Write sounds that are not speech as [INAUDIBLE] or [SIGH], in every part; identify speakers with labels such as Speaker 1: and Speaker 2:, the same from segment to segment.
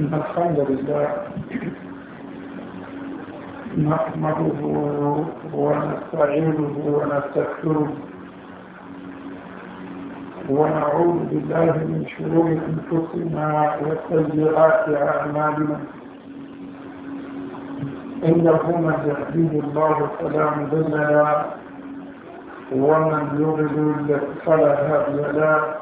Speaker 1: الحمد لله نحمده ونستعينه ونستغفره ونعوذ بالله من شرور انفسنا وسيئات اعمالنا انه من يهديه الله فلا مضل له ومن يضلل فلا هادي له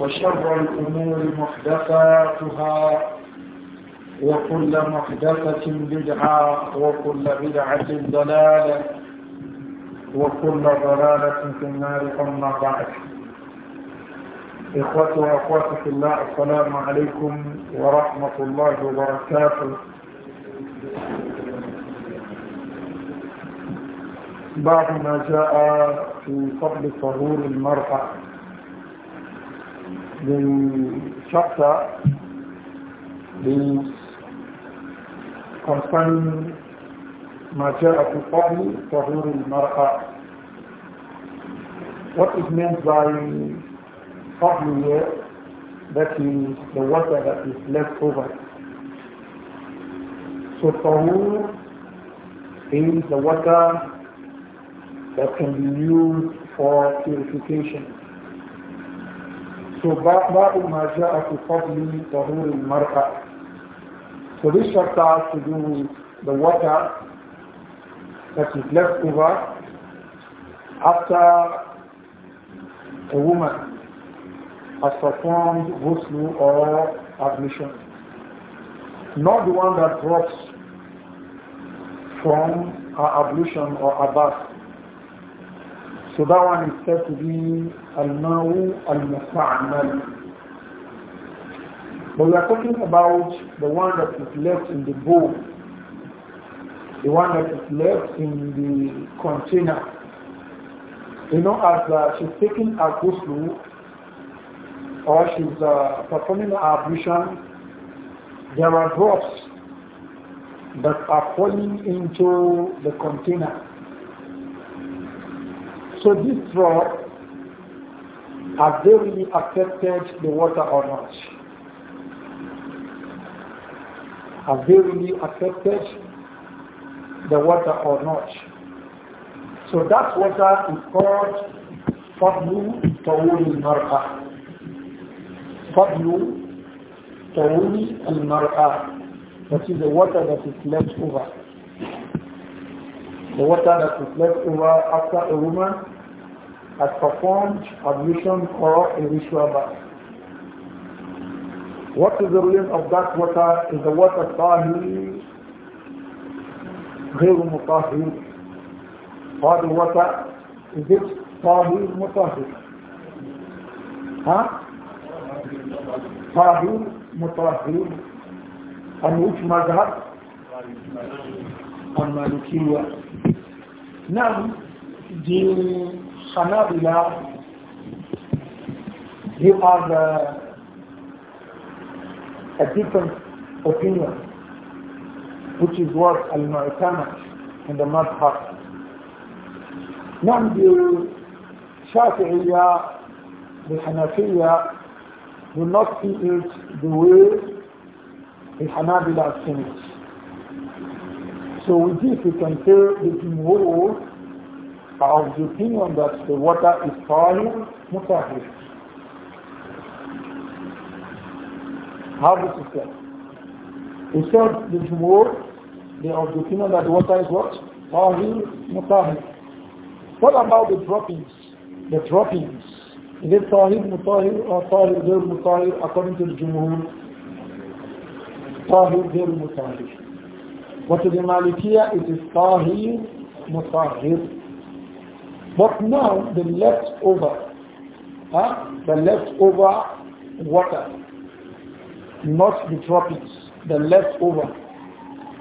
Speaker 1: وشر الأمور محدثاتها وكل محدثة بدعة وكل بدعة ضلالة وكل ضلالة في النار أما بعد إخوتي وأخواتي في الله السلام عليكم ورحمة الله وبركاته بعد ما جاء في فضل طهور المرأة the chapter is concerning ما جاء في قول طهور المرأة What is meant by قبل here that is the water that is left over. So طهور is the water that can be used for purification. So Babu ma ja'a fi fadli tahur al So this chapter has to do with the water that is left over after a woman has performed ghusl or ablution. Not the one that drops from her ablution or her bath. So that one is said to be Al-Ma'u Al-Musta'amal. But we are talking about the one that is left in the bowl, the one that is left in the container. You know, as uh, she's taking her ghusl or she's uh, performing her ablution, there are drops that are falling into the container. So this fraud, have they really accepted the water or not? Have they really accepted the water or not? So that water is called Fadlu Tawuli Mar'a. Fadlu Tawuli Mar'a. That is the water that is left over. The water that is left over after a woman has performed ablution or a ritual bath. What is the reason of that water? Is the water tahir, غير مطهر or the water? Is it tahir, mutahir? Huh? tahir, mutahir. And which mazhab? On Malikiya. Now, the Hanabila, you have uh, a different opinion, which is what Al-Mu'tamad in the Madhab. نعم the بالحنفية do not see it the way the Hanabila see it. So with this we can say the Jumhur are of the opinion that the water is tahir, mutahir. How does it say? Instead the more they are of the opinion that the water is what? Tahir, mutahir. What about the droppings? The droppings. Is it tahir, mutahir or tahir, ghir, mutahir according to the Jumhur? Tahir, ghir, mutahir. But to the Malikiya it is tahir, mutahir. But now the leftover, huh? the leftover water, not the droppings, the leftover.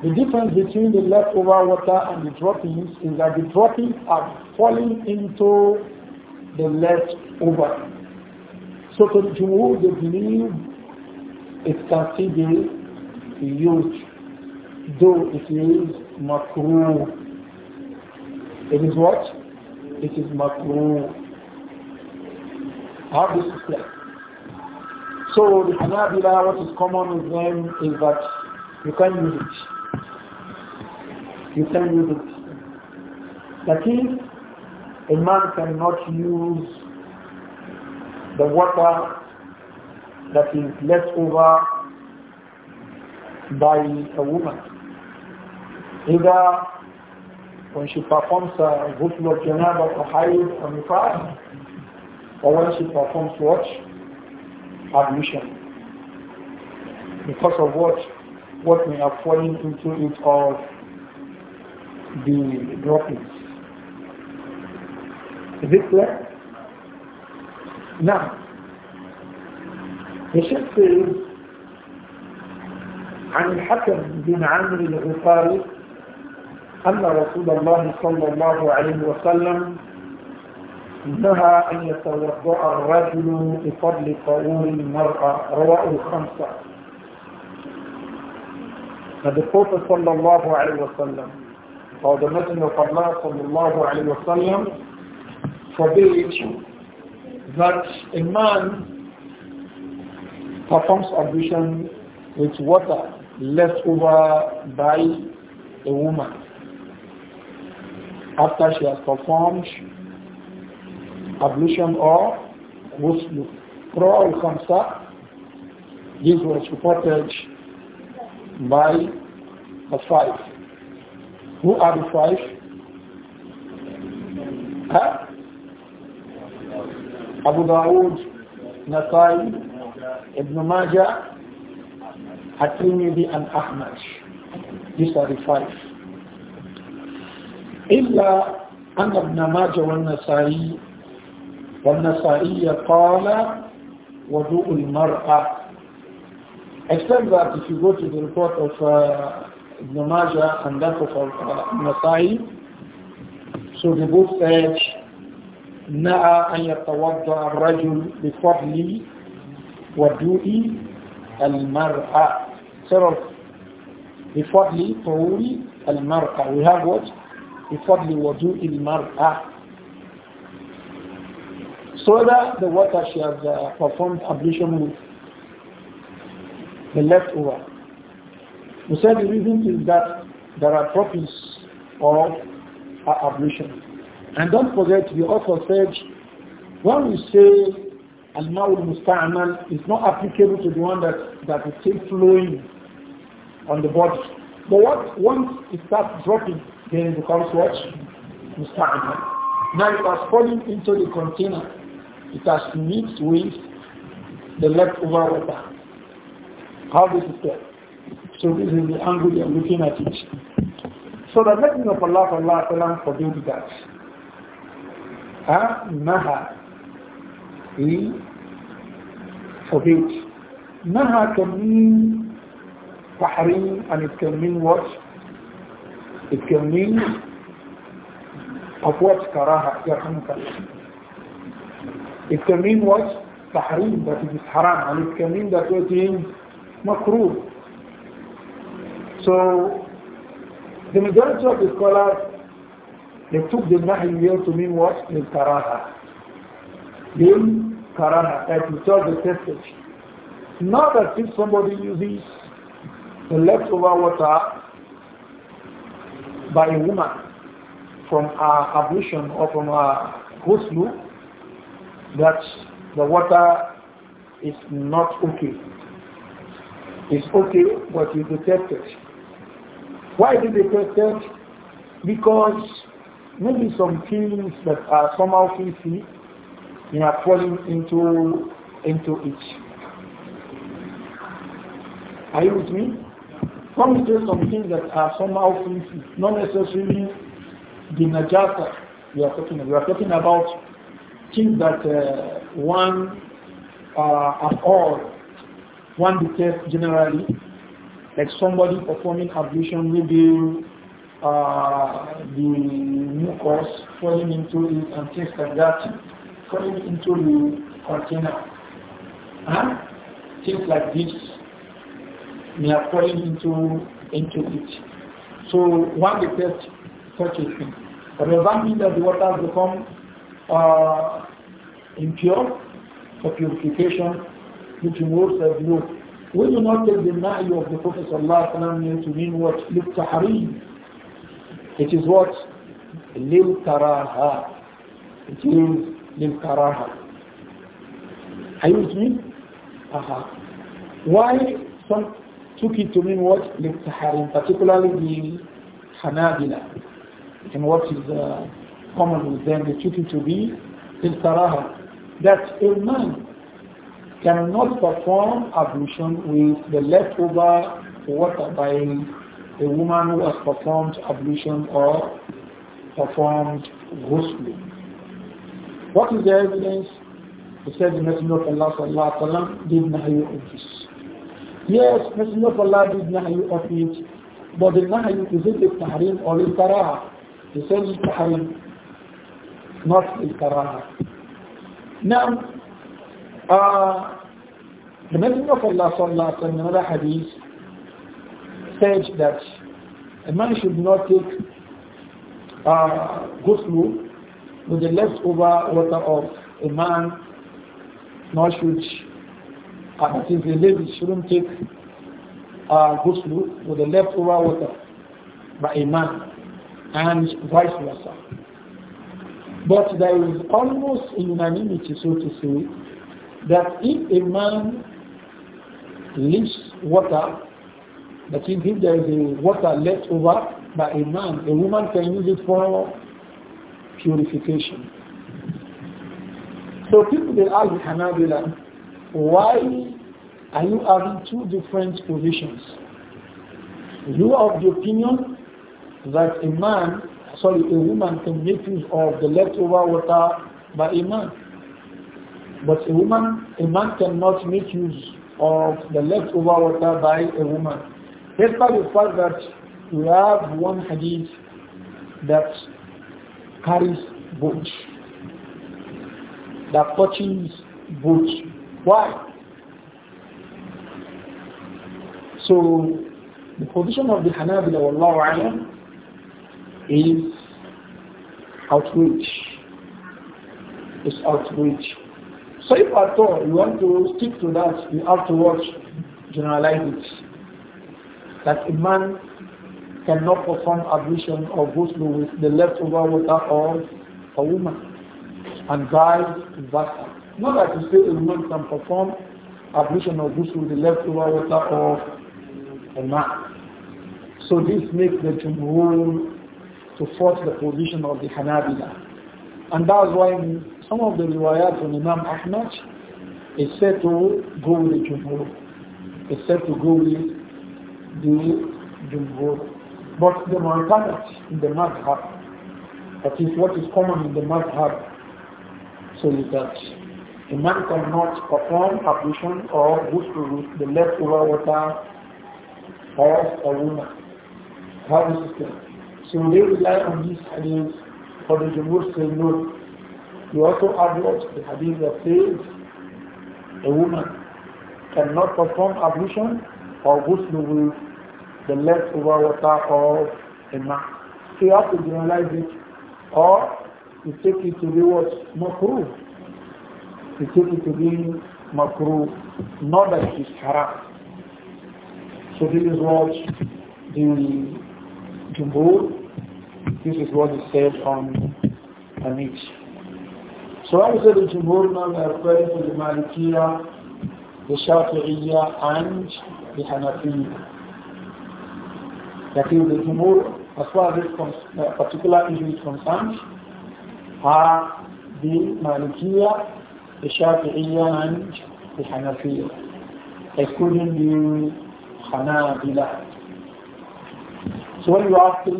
Speaker 1: The difference between the leftover water and the droppings is that the droppings are falling into the leftover. So to the Jumu'ah, they believe it can still be used, though it is makruh. It is what? It is makruh. How this is clear. So the Hanabila, what is common with them is that you can use it. You can use it. That is, a man cannot use the water that is left over by a woman. Either when she performs a good work janaba or hayd or nifas, or when she performs what? admission, Because of what? What we are falling into it of the droppings. Is it clear? Now, the Shaykh says, عن الحكم بن عمرو الغفاري أن رسول الله صلى الله عليه وسلم نهى أن يتوضأ الرجل بفضل قول المرأة رواه الخمسة Now the Prophet صلى الله عليه وسلم or the Messenger of Allah صلى الله عليه وسلم forbid that a man performs ablution with water left over by a woman. after she has performed ablution or ghusl. prayer al-Khamsa, this was reported by the five. Who are the five? Huh? Abu Dawood, Nasai, Ibn Majah, at and Ahmad. These are the five. إلا أن ابن ماجه والنسائي والنسائي قال وضوء المرأة except that if you go to the report of uh, Ibn Majah and that of uh, Nasai, so the book said, نعى أن يتوضأ الرجل بفضل وضوء المرأة. Sort of, بفضل طول المرأة. We have what? بفضل وضوء المرأة so that the water she has uh, performed ablution with the leftover. We said the reason is that there are problems of ablution. And don't forget, we also said when we say al-ma'ul musta'mal, it's not applicable to the one that, that is still flowing on the body. But what, once it starts dropping, then it becomes what? Musta'amal. Now it has fallen into the container. It has mixed with the leftover water. How does it get? So this is the angle you are looking at it. So the blessing of Allah for Allah Ta'ala forbade that. Ah, Naha. He forbid. Naha can mean tahrim and it can mean what? It can mean of what karaha, It can mean what? Tahrim, that it is haram, and it can mean that it is makruh. So, the majority of the scholars, they took the nahi to mean what? The karaha. The karaha, that is all the testage. Not that if somebody uses the leftover water by a woman from a ablution or from her ghusl that the water is not okay. It's okay, but you detect it. Why do they detect it? Because maybe some things that are somehow filthy, you are falling into into it. Are you with me? Some some things that are somehow filthy, not necessarily the najasa we are talking about. We are talking about things that uh, one uh, at all, one detests generally, like somebody performing ablution, maybe uh, the mucus falling into it and things like that, falling into the container. Huh? Things like this may have fallen into into it. So one detects such a thing. But does that mean that the water has become uh, impure for purification, which removes as no. We do not take the na'i of the Prophet ﷺ to mean what? Lil-tahrim. It is what? Lil-karaha. means is lil-karaha. Are you with me? Aha. Why some took it to mean what? Liqtaharin, particularly the Hanabila. And what is uh, common with them, they took it to be Taraha That a man cannot perform ablution with the leftover water by a woman who has performed ablution or performed ghusl. What is the evidence? He said the Messenger of Allah sallallahu alayhi wa sallam did not of this. Yes, Messenger of Allah did nahyu of it, but the nahyu is it the tahrim or the karah? The same it's tahrim, not the karah. Now, uh, the Messenger of Allah sallallahu alaihi wasallam in hadith said that a man should not take uh, ghusl with the leftover water of a man, nor should and it is the lady shouldn't take uh, ghusl with the leftover water by a man and vice versa. But there is almost unanimity, so to say, that if a man leaves water, that if there is a water left over by a man, a woman can use it for purification. So people they argue Hanabila why are you having two different positions? You are of the opinion that a man, sorry, a woman can make use of the leftover water by a man. But a woman, a man cannot make use of the leftover water by a woman. Despite the fact that we have one hadith that carries both, that touches both. Why? So the position of the Hanabila Wallahu Alam is outreach. It's outreach. So if at all you want to stick to that, you have to watch, generalize it. That a man cannot perform ablution or ghusl with the leftover water of a woman and vice that. Not that you say a woman can perform ablution of this with the leftover water of a man. So this makes the Jumhur to force the position of the Hanabila. And that's why some of the riwayat from Imam Ahmad is said to go with the Jumhur. Is said to go with the Jumhur. But the Mu'tamat in the Madhab, that is what is common in the Madhab, so that a man cannot perform ablution or ghusl with the leftover water of a woman. How is it? So they rely on these hadiths for the Jumhur say no. They also argue the hadith that says a woman cannot perform ablution or ghusl with the leftover water of a man. So you have to generalize it or you take it to be Not Makruh we to be makruh, not that it is haram. So this is what the Jumhur, this is what is said on Amit. So I said the Jumhur now we are referring to the Malikiya, the Shafi'iyya and the Hanafiya. That is the Jumhur, as far as this uh, particular issue is concerned, are the Malikiya الشافعية and the Hanafiya, من the So when you have three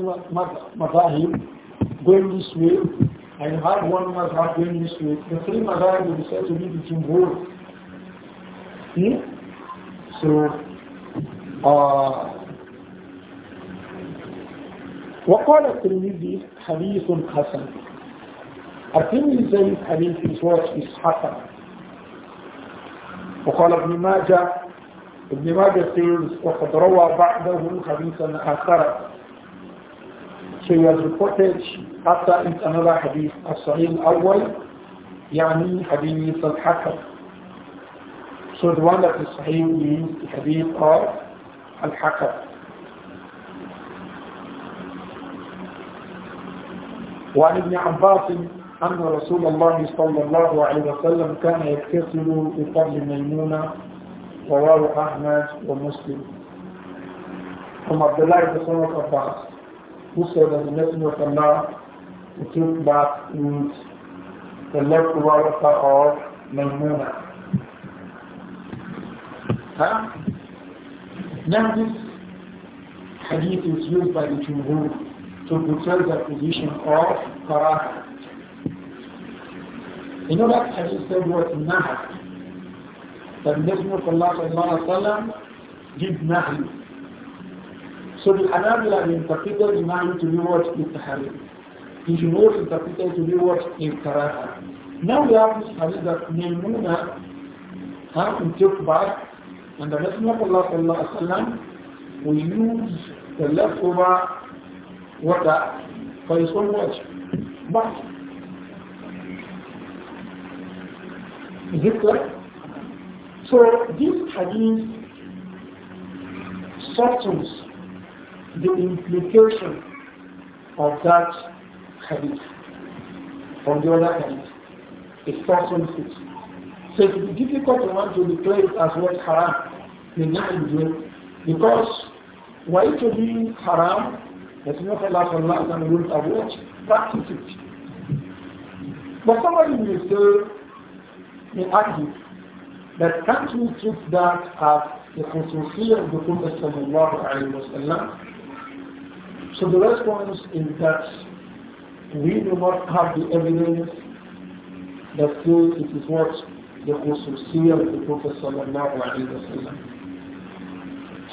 Speaker 1: madhahib going this way, and you have one madhahib going this way, the three madhahib will be said to be the jumhur. See? So, وقال الترمذي حديث حسن الترمذي زي الحديث في what إسحاق وقال ابن ماجه ابن ماجه says وقد روى بعده حديثا آخر So he حتى انت نرى حديث الصحيح الأول يعني حديث الحكم سودوانا في one that حديث الحكم وعن ابن عباس أن رسول الله صلى الله عليه وسلم كان يغتسل بفضل ميمونة رواه أحمد ومسلم from Abdullah ibn Son of Abbas who said that the Messenger of Allah took back with the left water of Maimuna. Huh? Now this hadith is used by the Jumhur to portray the position of Karaha you know that hadith said what nahl. That Messenger of Allah sallallahu sallam did nahl. So the Hanabila interpreted nahl to be what is tahrim. The Jumhur interpreted to be what is karaha. Now we have this hadith that Maymuna has been took back and the Messenger of Allah sallallahu will use the leftover water for his own watch. But Is So this hadith softens the implication of that hadith On the other hand, It softens it. So it's difficult to want to declare it as what haram may not do because why to be haram, that's not Allah sallallahu alaihi wa sallam will practice it. But somebody will say, may argue that can't we treat that as the khususiyya of the Prophet sallallahu alayhi wa sallam? So the response is that we do not have the evidence that says it is what the khususiyya of the Prophet sallallahu alayhi wa sallam.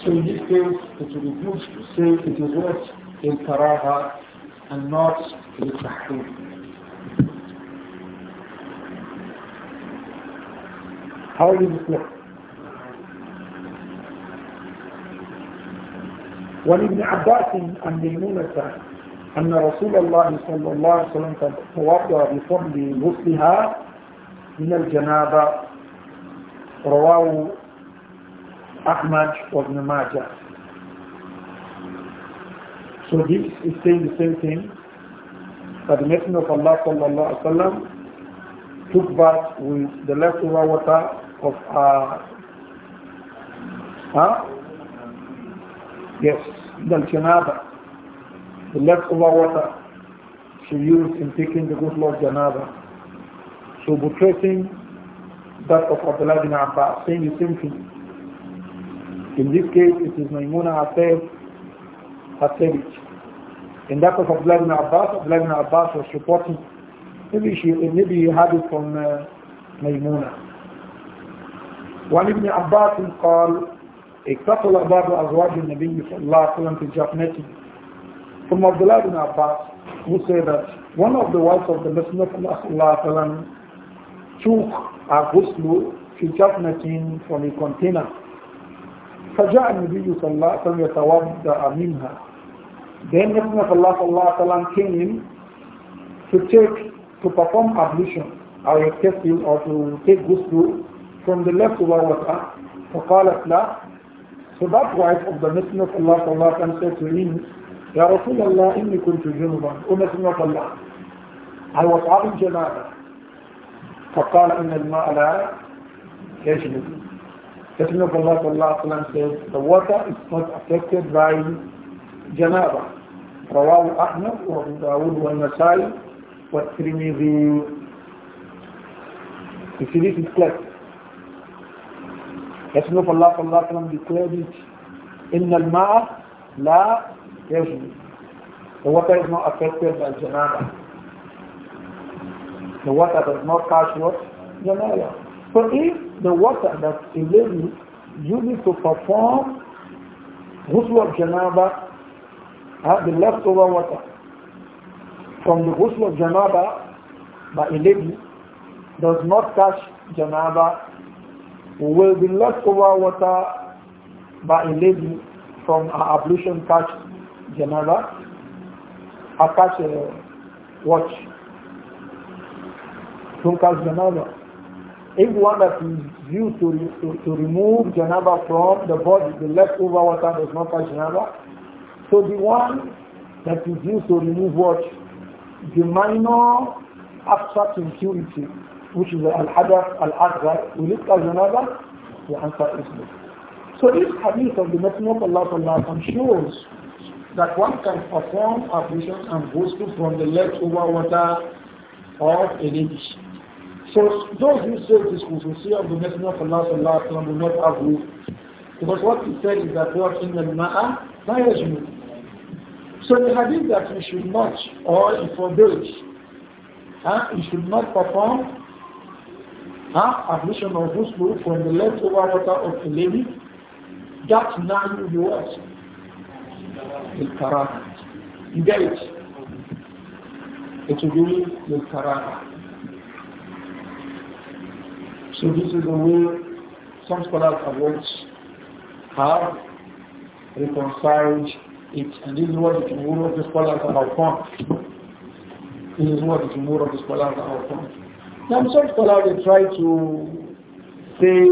Speaker 1: So in this case, it would be good to say it is what in karaha and not in tahrim. How are you this morning? وللابن عباس عن ميمونة أن رسول الله صلى الله عليه وسلم توضأ بفضل غسلها من الجنابة رواه أحمد وابن ماجه. So this is saying the same thing that the Messenger of Allah صلى took bath with the leftover water of uh, huh? yes the janaba the leftover water she used in taking the good Lord janaba so tracing that of Abdullah bin Abbas saying the same thing in this case it is Maimuna herself Hasevic, said in that of Abdullah bin Abbas Abdullah bin Abbas was reporting maybe she maybe he had it from uh, Maimuna وعن ابن عباس قال اقتصل بعض أزواج النبي صلى الله عليه وسلم في جفنته ثم عبد الله بن Abbas who said that one of the wives of the Messenger of Allah صلى الله عليه وسلم took a ghusl في from a container فجاء النبي صلى الله عليه وسلم يتوضأ منها Then Messenger of Allah صلى الله عليه وسلم came in to take to perform ablution or a or to take ghusl from the left towards us فقالت لا So that wife of the Messenger of Allah sallallahu alayhi wa said to him, Ya Rasulallah, inni kuntu junuban, O Messenger of Allah, I was having janada. فقال إن الماء لا يجلب. Messenger of Allah sallallahu alayhi wa said, the water is not affected by janaba. رواه أحمد وأبو داود والنسائي والترمذي. You see this is clear. Messenger of Allah sallallahu alayhi wa declared it, إِنَّ الْمَاءَ لَا يَجْرِ The water is not affected by janaba. The water does not touch what? Janaba. So if the water that is you need to perform ghusl of janaba, uh, the leftover water from the ghusl of janaba by a lady does not touch janaba will be left over water by a lady from her ablution catch janaba, A catch a watch? from not catch janaba. If one that is used to, to, to remove janaba from the body, the leftover water does not catch janaba. So the one that is used to remove what? The minor abstract impurity which is al-hadath al-asghar, we look at another, the answer is no. So this hadith of the Messenger of Allah sallallahu shows that one can perform ablution and ghusl from the leftover water of a dish. So those who say this will see of the Messenger of Allah sallallahu alaihi will not have Because what he said is that what in the ma'a, la So the hadith that we should not or forbid, huh, we should not perform huh? admission of ghusl from the leftover water of the lady, that now will be what? The karah. You get it? It will be the karah. So this is the way some scholars have worked, have reconciled it, and this is what the Jumhur of the scholars have found. This is what the Jumhur of the scholars have found. Now some scholars they try to say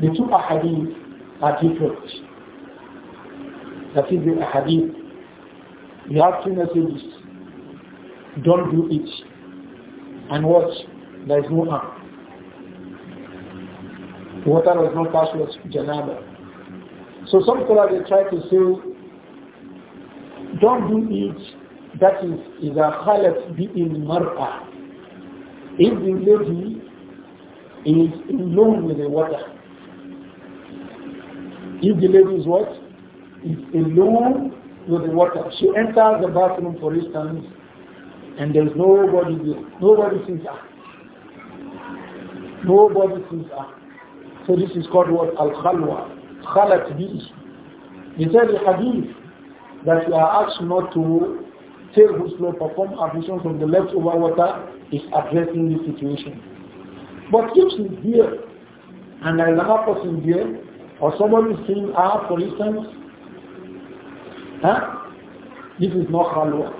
Speaker 1: the two ahadith are different. That is the ahadith. You have two messages. Don't do it. And watch. There is no harm. Water was not passed was janaba. So some scholars they try to say, don't do it. That is, is a khalat bi in mar'ah. If the lady is alone with the water, if the lady is what? Is alone with the water. She enters the bathroom, for instance, and there's nobody there. Nobody sees her. Nobody sees her. So this is called what? Al-Khalwa. Khalat bi. They the hadith that you are asked not to take who slow perform ablution from the leftover water is addressing this situation. But if she's here and another person here, or somebody is seeing ah, for instance, huh? this is not halwa.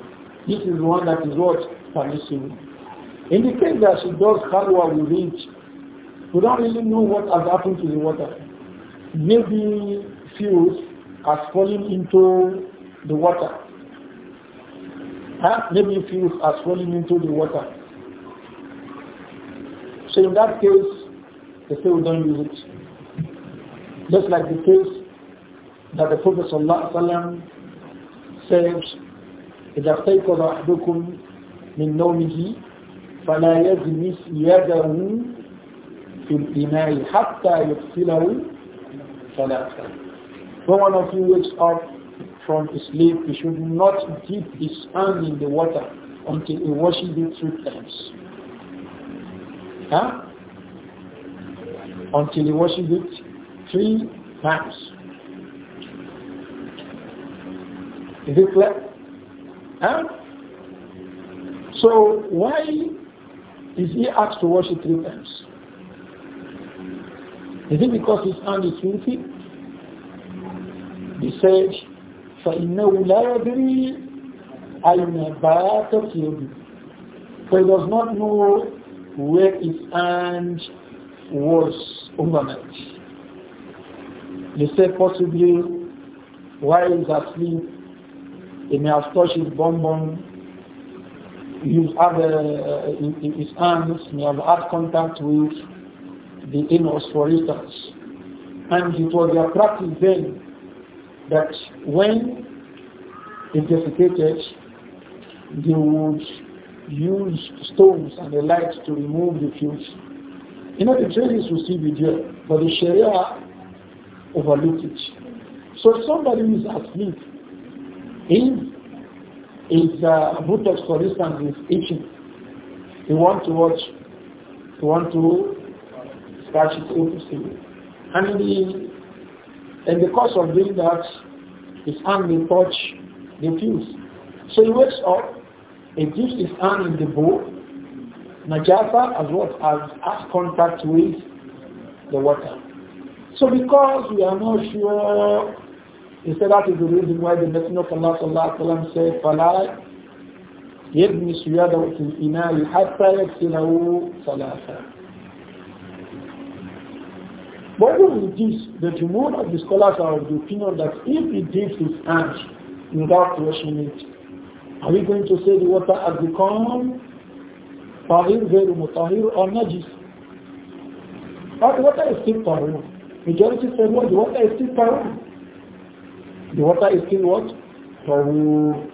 Speaker 1: This is one that is what? Permissible. In the case that she does halwa with it, we don't really know what has happened to the water. Maybe fuels has fallen into the water. Huh? Maybe fuels has fallen into the water. So in that case, they say we don't use it. Just like the case that the Prophet ﷺ says, إذا اختيقظ أحدكم من نومه فلا يزمس يده في الإناء حتى يغسله ثلاثا. When one of you wakes up from sleep, he should not dip his hand in the water until he washes it three times. Huh? Until he washes it three times. Is it clear? Huh? So why is he asked to wash it three times? Is it because his hand is filthy? He said, فَإِنَّهُ لَا يَدْرِي أَيْنَ بَاتَتْ يَدِي For he does not know where his hand was overnight. he said possibly while he's asleep, he may have touched his bonbon, his, other, uh, his hands may have had contact with the anus, for instance. And it was their practice then that when he defecated, they would use stones and the light to remove the fuse. You know, the traces will still be there, but the Sharia overlooked it. So if somebody is asleep, if his uh, for instance, is itching, he want to watch, he want to scratch it open. And in the, in the course of doing that, his hand may touch the fuse. So he wakes up, it dips his hand in the bowl. Najasa as well as has contact with the water. So because we are not sure, he said that is the reason why the Messenger of Allah sallallahu alaihi wasallam said, "Fala يبني سياده في الإناء حتى يغسله ثلاثا." But with this, the Jumur of the scholars are of the opinion that if he dips his hand without washing it, are we going to say the water has become tahir, very mutahir or najis? But water is still tahir. Majority say what? The water is still tahir. The water is still what? Tahir.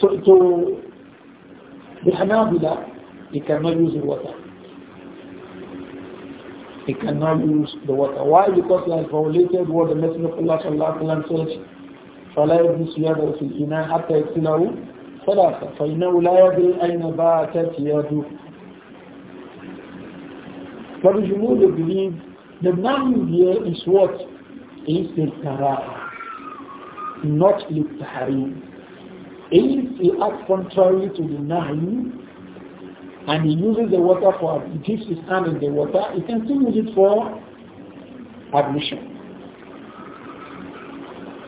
Speaker 1: So to the Hanabila, they cannot use the water. They cannot use the water. Why? Because they have violated what the Messenger of Allah says. فلا يبس يده في الإناء حتى يغسله ثلاثة فإنه لا يدري أين باتت يده But the Jumu'ud believe the man here is what? Is the tarah, not the tahrim. If he acts contrary to the Nahi and he uses the water for, he dips his hand in the water, he can still use it for ablution.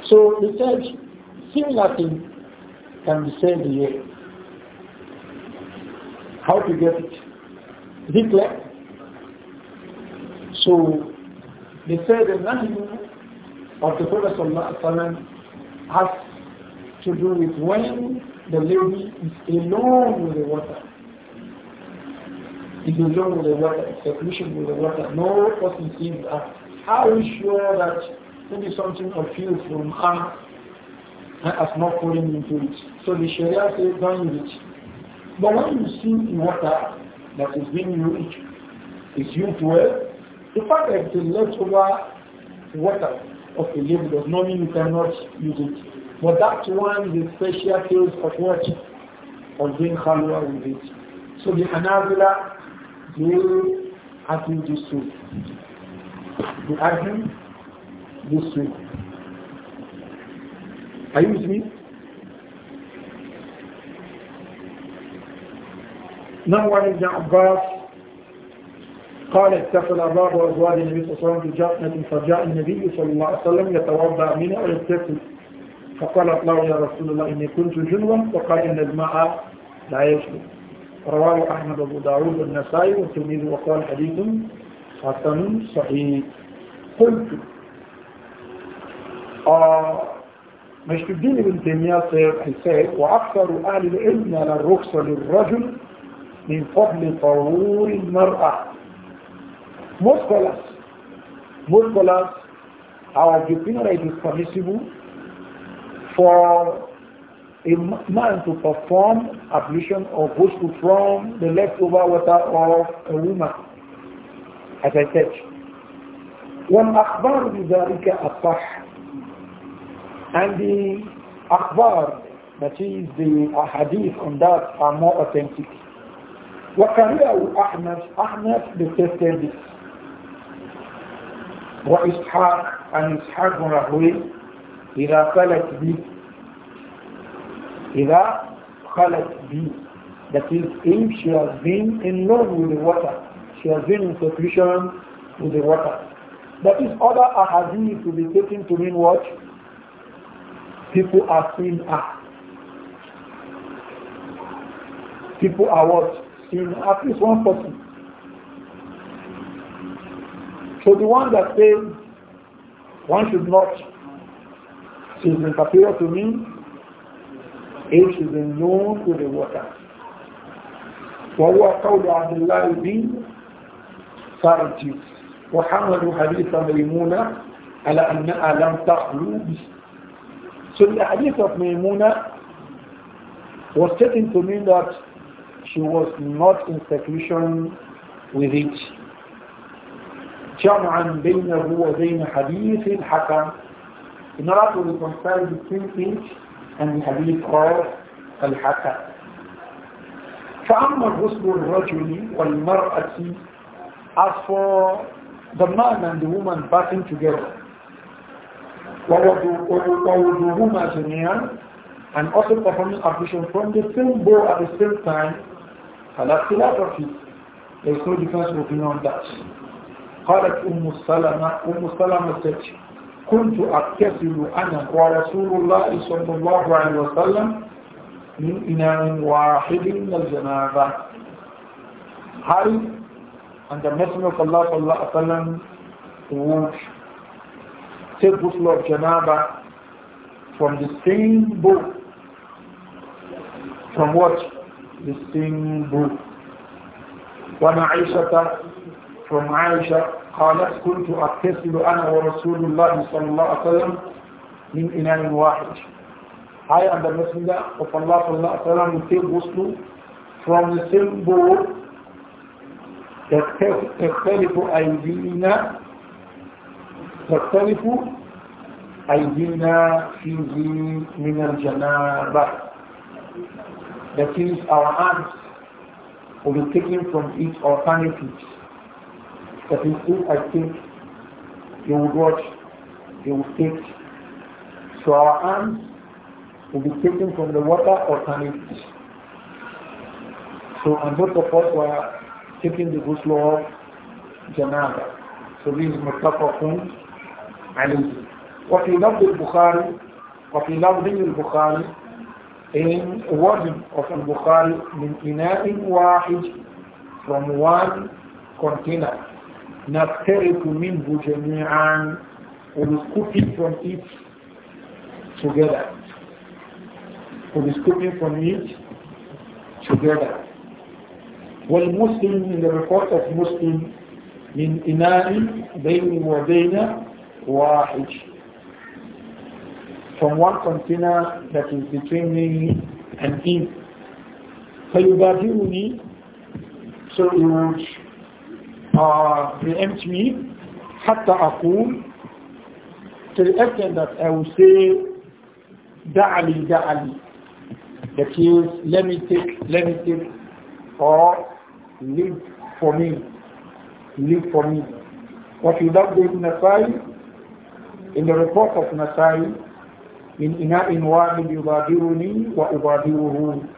Speaker 1: So he said, similar nothing," can be said here. How to get it? Is it clear? So they said the nothing," of the Prophet has to do with when the lady is alone with the water. Is alone with the water, seclusion with the water, no person sees How Are we sure that maybe something of you from her has not fallen into it. So the Sharia says don't use it. But when you see in water that is being used, is used well, the fact that it is over water of the lake does not mean you cannot use it. But that one is a special case of what? Of being halwa with it. So the Hanabila, they argue this too. The argue this week. Are you ابن عباس قال اتخذ بعض وأزواج النبي صلى الله عليه وسلم بجنة فجاء النبي صلى الله عليه وسلم يتوضأ منها ويتكل فقال الله يا رسول الله إني كنت جنوا وقال إن الماء لا يجلو رواه أحمد أبو داود النسائي والترمذي وقال حديث حسن صحيح قلت Uh, مش الدين ابن تيمية حساب وأكثر أهل العلم على الرخصة للرجل من فضل طهور المرأة most scholars our opinion is permissible for a man to perform ablution of ghusl from the leftover water of a woman as I said when وَالْأَخْبَارُ بِذَلِكَ أَصَحُّ And the akhbar, that is the hadith on that, are more authentic. what is أحمد أحمد بالتسليم وإسحاق عن إسحاق بن راهوي إذا خلت بي إذا خلت بي that is if she has been in love with the water she has been in seclusion with the water that is other ahadith to be taken to mean what People are seeing us. People are what? Seeing at least one person. So the one that says one should not, she's inferior to me, if she's known to the water. وهو قول عبد الله بن سارجي وحملوا حديث ميمونة على أنها لم تخلو so the hadith of Maimuna was taken to mean that she was not in seclusion with it. جمعا بينه وبين حديث الحكم in order to reconcile between it and the hadith of الحكم فأما غسل الرجل والمرأة as for the man and the woman bathing together وَوَضُوهُمَا جَمِيعًا and also performing ablution from the same bowl at the same time فلا خلاف فيه there is no difference between on that قالت أم سلمة أم سلمة said كنت أغتسل أنا ورسول الله صلى الله عليه وسلم من إناء واحد من الجنابة هل and the Messenger of Allah صلى الله عليه وسلم would take ghusl of janaba from the same book. From what? The same book. وعن عائشة from عائشة قالت كنت أغتسل أنا ورسول الله صلى الله عليه وسلم من إناء واحد. I am the messenger of Allah صلى الله عليه وسلم will take ghusl from the same book تختلف أيدينا تختلف أيدينا فيه من الجنابة that is our hands will be taken from each alternative. That is if I think you will watch, you will take. So our hands will be taken from the water alternatives. So and both of us were taking the ghusl of Janaba. So this is Mustafa Kund عليه وفي لفظ البخاري وفي لفظ البخاري in wording of al-Bukhari min ina'in wahid from one container نفترق منه جميعا we will scoop it from it together we will scoop it from it together والمسلم in the report of Muslim من إناء بين وبين واحد from one container that is between me and him فيبادرني so he would uh, preempt me حتى أقول to the extent that I will say da'ali da'ali that is let me take let me take or live for me live for me وفي ضرب ابن سعيد in the report of Nasai, in ina'in wa'in yubadiruni wa ubadiruhu.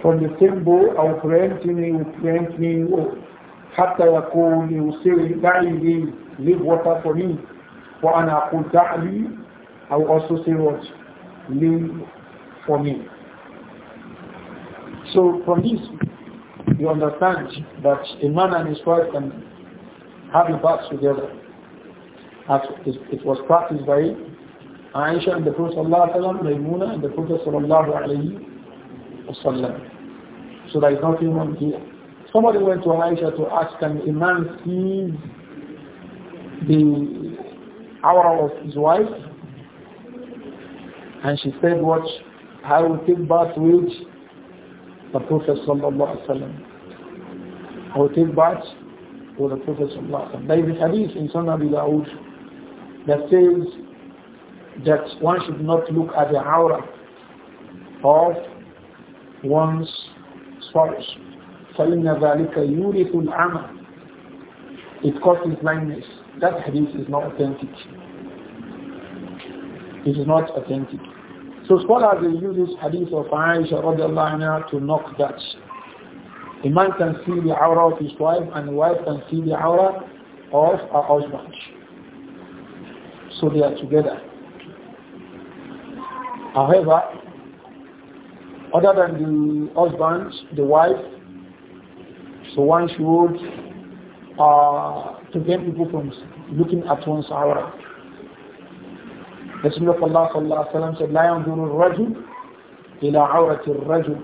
Speaker 1: From the same bowl, I will preempt me, he will preempt me, حتى يقول he will say, دعي leave water for me. وأنا أقول دعي, I will also say what? Leave for me. So from this, you understand that a man and his wife can have a bath together it, was practiced by Aisha and the Prophet ﷺ, Maimuna and the Prophet sallallahu alaihi wasallam. So there is no human here. Somebody went to Aisha to ask can a man see the hour of his wife? And she said, watch, I will take bath with the Prophet sallallahu alaihi wasallam. I will take bath with the Prophet sallallahu alaihi wasallam. There is a hadith in Sunnah Dawud that says that one should not look at the aura of one's spouse. فَإِنَّ ذَلِكَ يُورِثُ الْعَمَى It causes blindness. That hadith is not authentic. It is not authentic. So scholars they use this hadith of Aisha anha to knock that. A man can see the aura of his wife and the wife can see the aura of her husband so they are together. However, other than the husband, the wife, so one should uh, prevent people from looking at one's aura. The Sunnah of Allah sallallahu wa sallam said, لا ينظر الرجل إلى عورة الرجل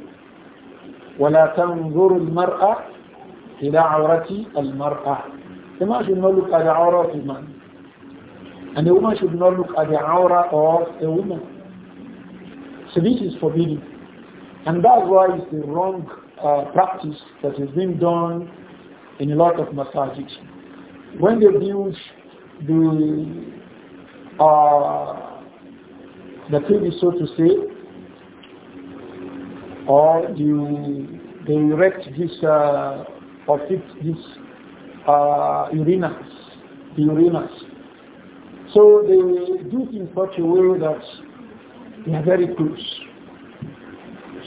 Speaker 1: ولا تنظر المرأة إلى عورة المرأة. The man should not look at the aura of the man. And a woman should not look at the aura of a woman. So this is forbidden. And that's why it's the wrong uh, practice that is being done in a lot of massages. When they build the uh, the TV, so to say, or the, they erect this uh, or fix this uh, urinas, the urinas, so they do it in such a way that they are very close.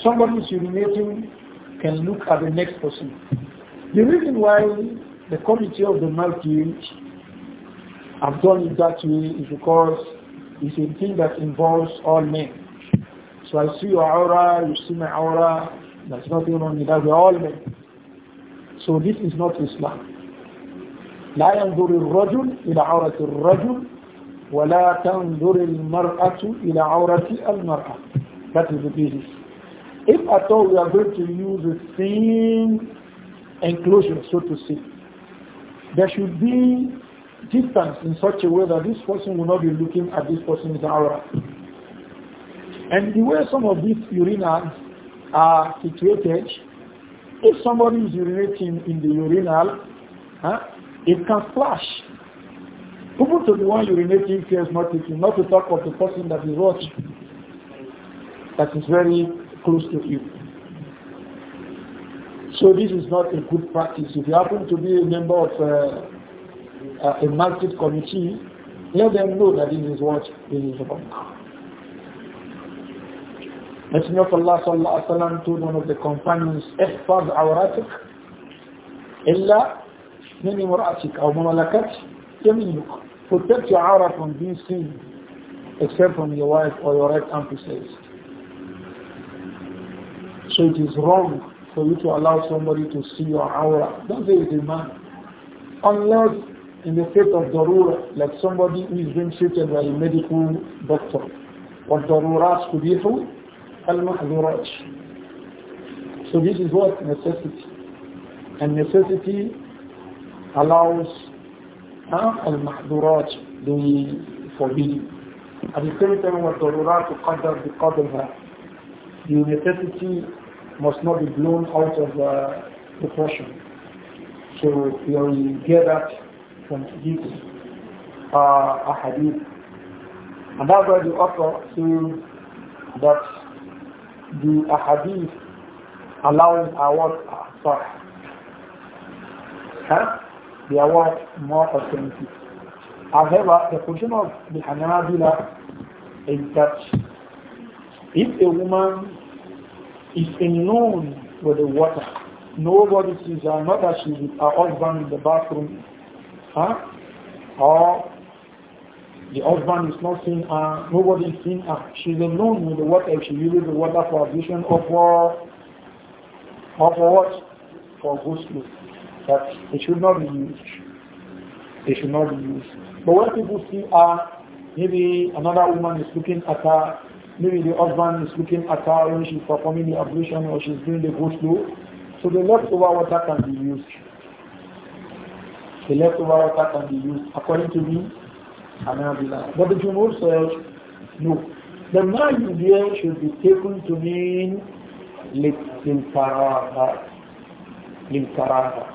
Speaker 1: Somebody is urinating can look at the next person. The reason why the committee of the market have done it that way is because it's a thing that involves all men. So I see your aura, you see my aura, there's nothing wrong with that, we're all men. So this is not Islam. لا ينظر الرجل إلى عورة الرجل وَلَا تَنْظُرِ الْمَرْأَةُ إِلَىٰ عَوْرَةِ الْمَرْأَةِ That is the basis. If at all we are going to use the same enclosure, so to say, there should be distance in such a way that this person will not be looking at this person's aura. And the way some of these urinals are situated, if somebody is urinating in the urinal, huh, it can flash even to the one urinating fears not eating, not to talk of the person that you watch, that is very close to you. So this is not a good practice. If you happen to be a member of uh, uh, a market committee, let them know that this is what this is about. Messenger of Allah sallallahu alaihi wasallam told one of the companions, "Ihfaz awratik illa min imra'atik aw mamalakat yaminuk." protect your aura from being seen except from your wife or your right ancestors. So it is wrong for you to allow somebody to see your aura. Don't say it's a man. Unless in the state of darura, like somebody who is being treated by a medical doctor. وَالضَّرُورَاتْ al-mahduraj. So this is what necessity. And necessity allows المحظورات the والضرورات بقدرها the necessity must not be blown out of uh, proportion so we will get that from this uh, hadith and that's why the author says that the ahadith allowing our what? Uh, sorry. Huh? they are more authentic. However, the position of the Hanabila is that if a woman is alone with the water, nobody sees her, not that she's with her husband in the bathroom, huh? or the husband is not seeing her, nobody is seeing her. She's alone with the water, she uses the water for ablution or for, or for what? For ghostly that it should not be used. It should not be used. But when people see her, maybe another woman is looking at her, maybe the husband is looking at her when she's performing the ablution or she's doing the ghusl, so the leftover water can be used. The leftover water can be used according to me. But the Jumur says, no. The man here should be taken to mean للكراهة للكراهة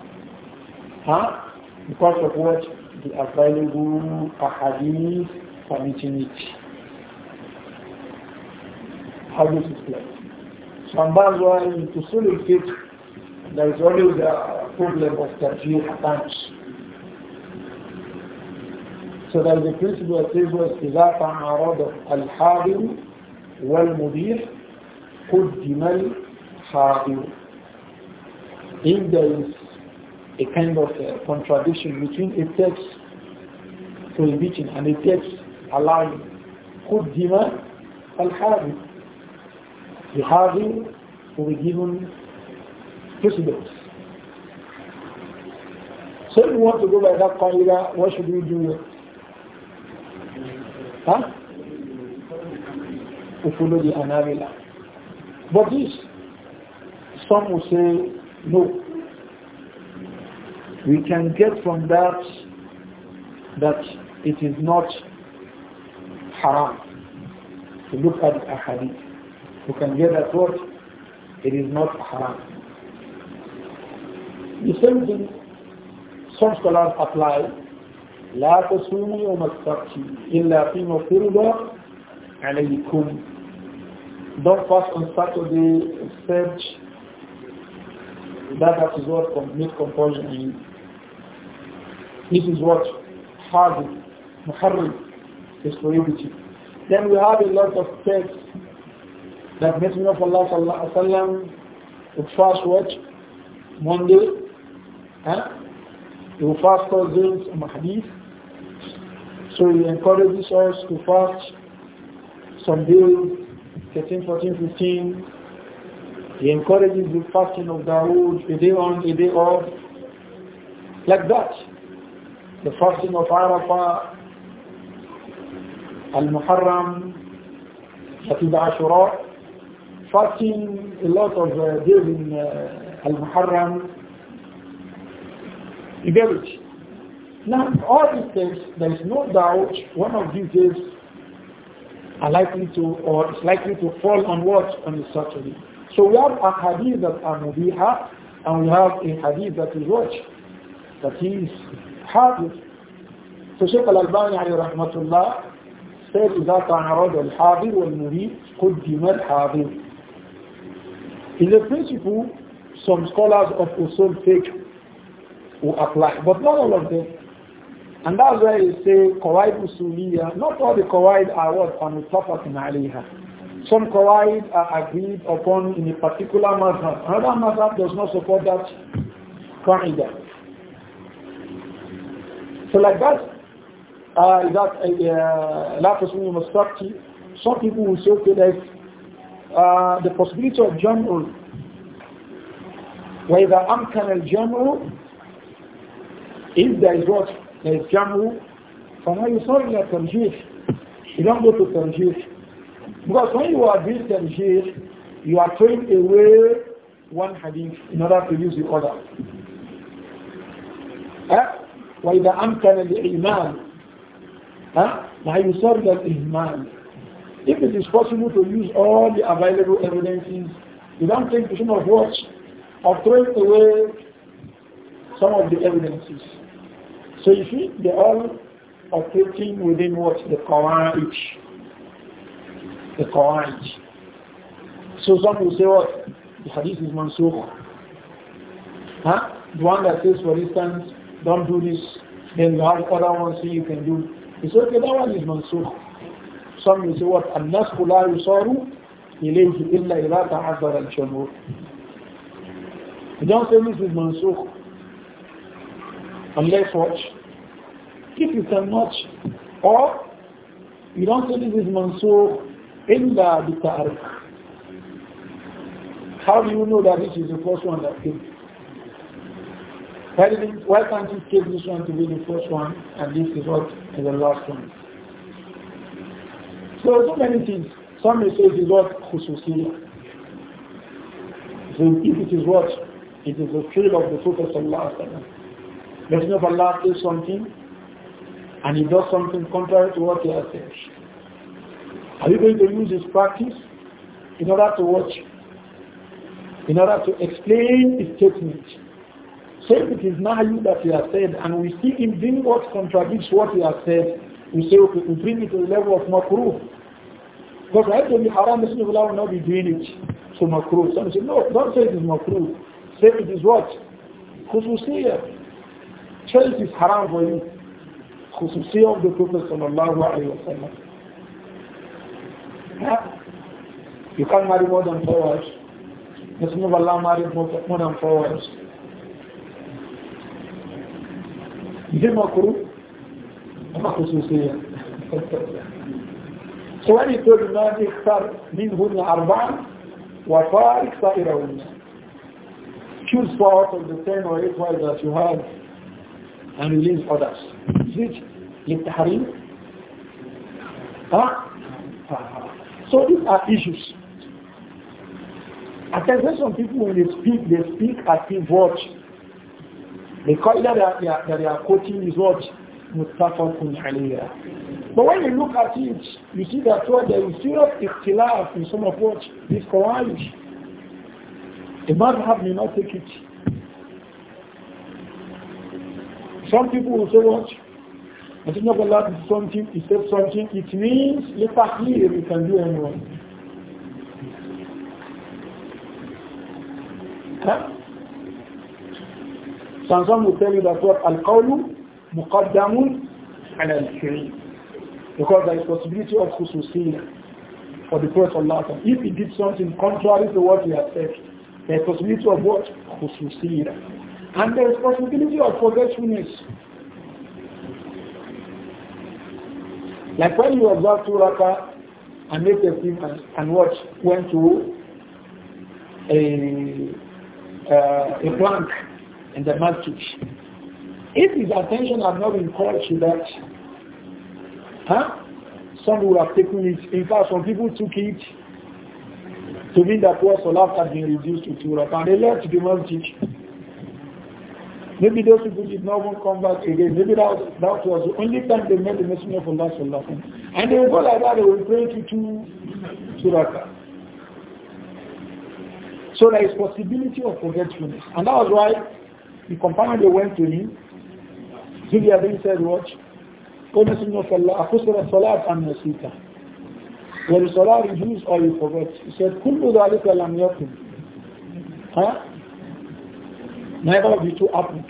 Speaker 1: Huh? Because of what? The available ahadith permitting it. How does it play? So and that's why in Tusul there is always a problem of tajir attached. So there is a principle that says was إذا تعارض الحاضر والمبيح قدم الحاضر. If there is a kind of uh, contradiction between a text prohibiting and a text allowing. قدم الحاضر The حاضر will be given precedence. So if you want to go by that qaida, what should we do? Huh? We follow the anabila. But this, some will say, no, we can get from that that it is not haram to look at a hadith. You can get that word, it is not haram. The same thing some scholars apply لا تصوموا يوم السبت إلا فيما فرض عليكم Don't fast on Saturday except that that is what makes compulsion this is what Harvard, Muharram is prohibited. Then we have a lot of texts that Messenger of Allah sallallahu alaihi wasallam would fast what? Monday, huh? he will fast Thursdays and Hadith. So he encourages us to fast some days, 13, 14, 15. He encourages the fasting of Dawood, a day on, a day off, like that the fasting of Arafah, Al-Muharram, Shatid Ashura, fasting a lot of uh, days in uh, Al-Muharram, Now, all these things, there is no doubt one of these days are likely to, or is likely to fall on what? On the Saturday. So we have a hadith that are mubiha, and we have a hadith that is what? That is الحافظ فشيخ الألباني عليه رحمة الله said إذا تعرض الحاضر والمريد قدم الحاضر In the principle, some scholars of Usul take who apply, but not all of them. And that's why you say kawaid Usuliya, not all the kawaid are what? on the top of alayha. Some kawaid are agreed upon in a particular mazhab. Another mazhab does not support that Qaida. So like that, uh, that lack of mustakti, some people will say, okay, there's uh, the possibility of general. وإذا أمكن general, if there is what there is جمع now you're ترجيح you don't go to ترجيح because when you are doing ترجيح you are throwing away one hadith in order to use the other eh? وإذا أمكن الإيمان ما يصاب الإيمان If it is possible to use all the available evidences without taking of watch or throwing away some of the evidences. So you see, they all operating within what? The Quran The Quran So some will say what? The hadith is mansukh. Huh? The one that says, for instance, don't do this, then you have other ones say you can do. He said, okay, that one is mansukh. Some will say what? النسخ لا يصار إليه إلا إذا تعذر الجمهور. He don't say this is mansukh. Unless what? If you cannot, or you don't say this is mansukh إلا بتعرف. How do you know that this is the first one that came? Why, why can't you take this one to be the first one and this is what is the last one? So, so many things. Some may say it is what khususiyah. So if it is what? It is the trail of the Prophet Sallallahu Alaihi Wasallam. Messenger of Allah says something and he does something contrary to what he has said. Are you going to use his practice in order to watch, in order to explain his statement? Say it is you that he has said, and we see him doing what contradicts what he has said, we say, okay, we bring it to the level of makruh. Because I tell you, haram is allowed not be doing it to makruh. Some say, no, don't say it is makruh. Say it is what? Khususiyah. Choice is haram for you. say of the Prophet sallallahu alayhi wa sallam. You can't marry more than four wives. Messenger of Allah married more than four wives. Is it makruh? Makruh So when he told the man, اختار منهن أربعا وفارق سائرهن choose part of the ten or eight wives that you have and release others. Is it للتحريم? Huh? So these are issues. I can say some people when they speak, they speak as if watch. The qaida that they are, that they are quoting is what muttafaqun alayha. But when you look at it, you see that what there is serious ikhtilaf in some of what this Quran is. The madhab may not take it. Some people will say what? I think of Allah is something, he said something, it means here. you can do anyone. Huh? So will tell you that what al-qawlu muqaddamun ala al Because there is possibility of khususin for the Prophet Allah. If he did something contrary to what he has said, there is possibility of what? khususin And there is possibility of forgetfulness. Like when you observe two rakah and make a film and, and watch went to a, uh, a plank in the masjid. If his attention had not been called to that, huh? some would have taken it. In fact, some people took it to mean that what Salat had been reduced to Turab and they left the masjid. Maybe those people did not want to come back again. Maybe that, that was the only time they met the Messenger of Allah. And they will go like that, they will pray to two suraka. So there is possibility of forgetfulness. And that was why the companion they went to him, Julia then said, Watch, O Messenger of Allah, Akusra Salat and Nasita. When the Salah reduced or you forgot, he said, Kullu dhalika lam yakun. Huh? Never be too two happened.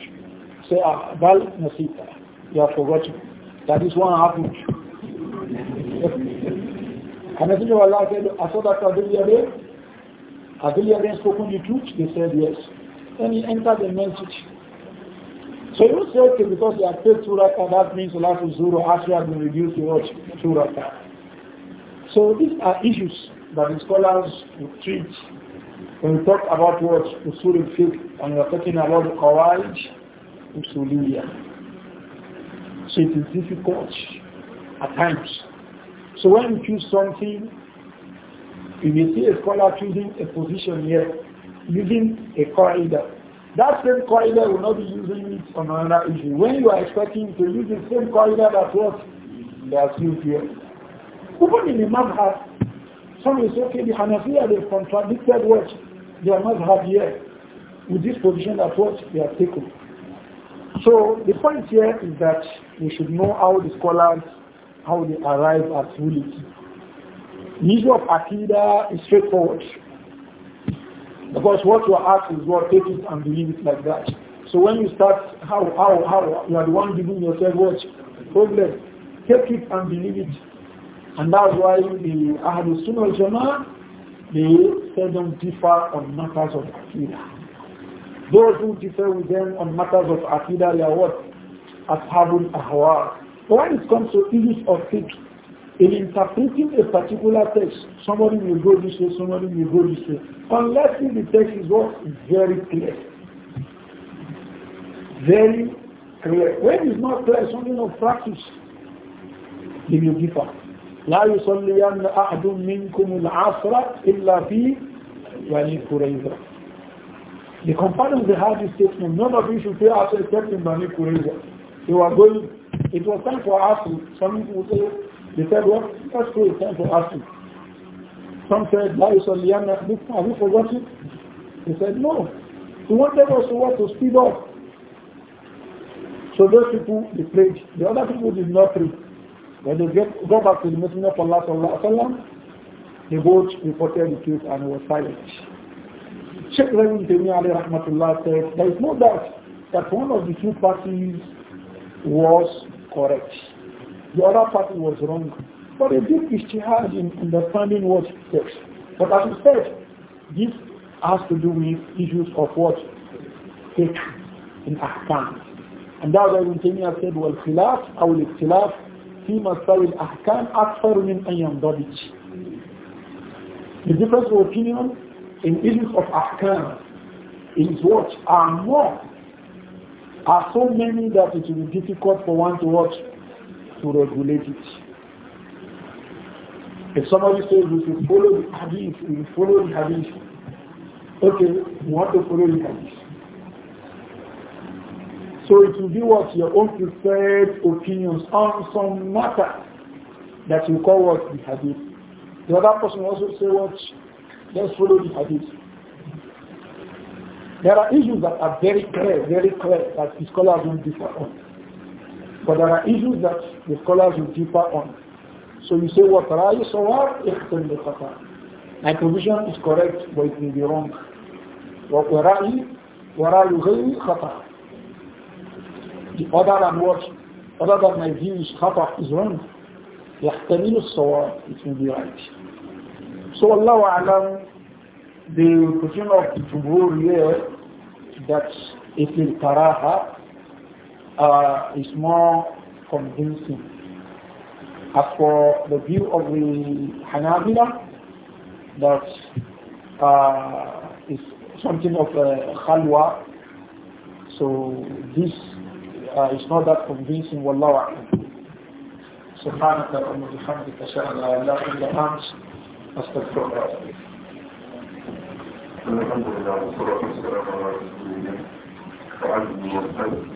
Speaker 1: Say, ah, Bal Nasita. You have forgotten. That is one happened. [LAUGHS] and Messenger of Allah said, Asodaka Adil Yadeh? Adil Yadeh spoken the truth? They said, Yes then he entered the message. So you say, okay, because they have paid two rakah, that means Salat Zuru actually has been reduced to what? Two rakah. So these are issues that the scholars treat when we talk about what? Usul al-fiqh, and we are talking about the Qawaij Usuliyya. So it is difficult at times. So when you choose something, you may see a scholar choosing a position here using a corridor. That same corridor will not be using it on another issue. When you are expecting to use the same corridor that was that's used here. Even in the madhab, some is okay, the Hanafiya, they contradicted what their madhab here with this position that was they have taken. So the point here is that we should know how the scholars, how they arrive at rulings. The issue of Akida is straightforward. Because what you are asking is what, take it and believe it like that. So when you start, how, how, how, you are the one giving yourself what? Problem. Take it and believe it. And that's why the Ahlul Sunnah Jama'ah, they seldom differ on matters of Aqidah. Those who differ with them on matters of Aqidah, they are what? Ashabul Ahwa. When it comes to issues of faith. In interpreting a particular text, somebody will go this way, somebody will go this way. Unless the text is what? Very clear. Very clear. When it's not clear, something of practice, he will give up. لا يصلين أحد منكم العصر إلا في بني قريظة. The companions they had this statement, none of you should pray after accepting in Bani Qurayza. They were going, it was time for Asr, some people would say, they said, what? That's true, it's time for asking. Some said, La Yusaliyana, have you forgotten? He said, no. He wanted us to what? To speed up. So those people, they prayed. The other people did not pray. When they get, go back to the Messenger of Allah sallallahu alaihi wasallam, they both reported the truth and was silent. Sheikh Rahim Taymi Ali Rahmatullah said, there is no doubt that one of the two parties was correct. The other party was wrong. But a big ijtihad in understanding what text. But as I said, this has to do with issues of what? text in ahkam. And that's why Ibn Taymiyyah said, "Well, والخلاف أو الاختلاف في مساوي الأحكام أكثر min أن ينضبط. The difference of opinion in issues of ahkam is what are more are so many that it will be difficult for one to watch to regulate it. If somebody says we should follow the hadith, we follow the hadith. Okay, we want to follow the hadith. So it will be what your own preferred opinions on some matter that you call what the hadith. The other person also say what let's follow the hadith. There are issues that are very clear, very clear that the scholars don't differ on. But there are issues that the scholars will differ on. So you say, what Ra'ayi Sawar, the Liqata. My provision is correct, but it may be wrong. What are you Ghayri Khata. The other than what, other than my view is Khata, is wrong. Yahtamil Sawar, it will be right. So Allah the position of the Jumhur here, that it is taraha uh, is more convincing. As for the view of the Hanabila, that uh, is something of a khalwa, so this uh, is not that convincing, wallahu a'lam. سبحانك اللهم وبحمدك اشهد ان لا اله الا انت استغفرك الحمد لله والصلاه والسلام على رسول الله وعلى اله وصحبه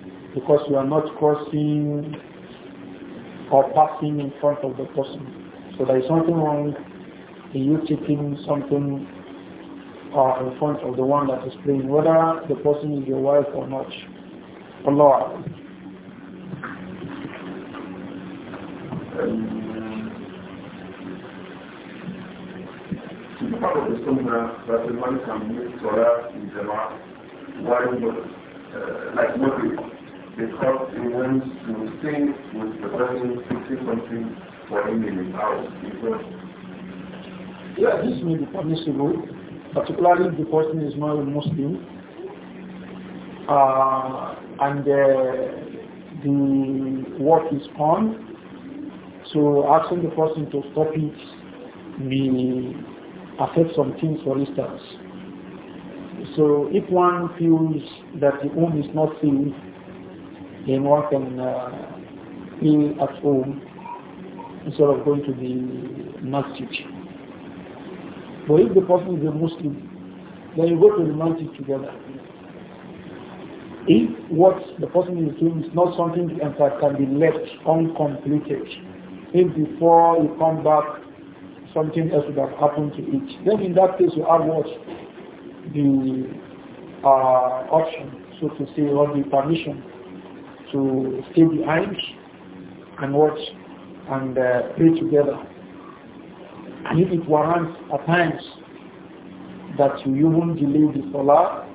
Speaker 1: because you are not crossing or passing in front of the person. So there is nothing wrong in you taking something uh, in front of the one that is playing, whether the person is your wife or not. Allah. Um, that can in Jama'ah while uh, like because he went to stay with the person 50 for yeah, this may be permissible, particularly if the person is not a Muslim. Uh, and uh, the work is on. So asking the person to stop it may affect some things, for instance. So if one feels that the home is not safe, then one can uh, at home instead of going to the masjid. But if the person is a Muslim, then you go to the masjid together. If what the person is doing is not something that can be left uncompleted, if before you come back something else would have happened to it, then in that case you have what? The uh, option, so to say, or the permission to stay behind and watch and uh, pray together. And if it warrants at times that you even delay the salah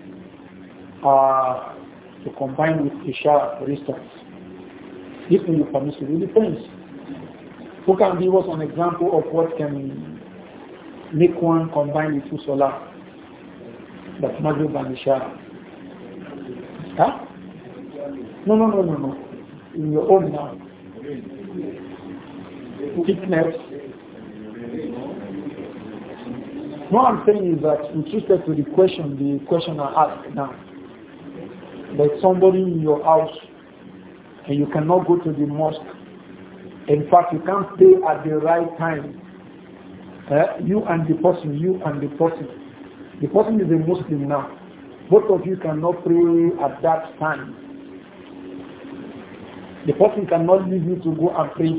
Speaker 1: uh, to combine with Isha, for instance, this will be permissible. It depends. Who can give us an example of what can make one combine the two salah? That Maghrib and Isha. Huh? No, no, no, no, no. In your own house, Sickness. What I'm saying is that with respect to the question, the question I asked now, that somebody in your house and you cannot go to the mosque. In fact, you can't pay at the right time. Uh, you and the person, you and the person. The person is a Muslim now. Both of you cannot pray at that time. The person cannot leave you to go and pray.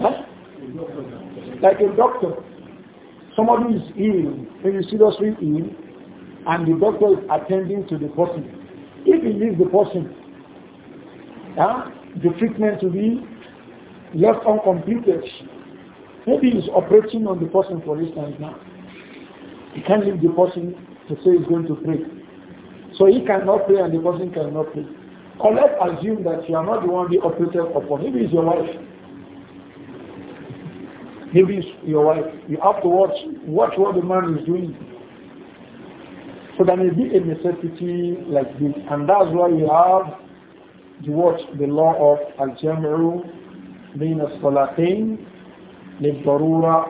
Speaker 1: Huh? Like a doctor. Somebody is ill, maybe seriously ill, and the doctor is attending to the person. If he leaves the person, huh, the treatment will be left uncompleted. Maybe he's operating on the person for instance now. He can't leave the person to say he's going to pray. So he cannot pray and the person cannot pray. Or let's assume that you are not the one being operated upon. Maybe it's your wife. Maybe it's your wife. You have to watch, watch what the man is doing. So there may be a necessity like this. And that's why we have the watch, the law of Al-Jam'u بين الصلاتين للضرورة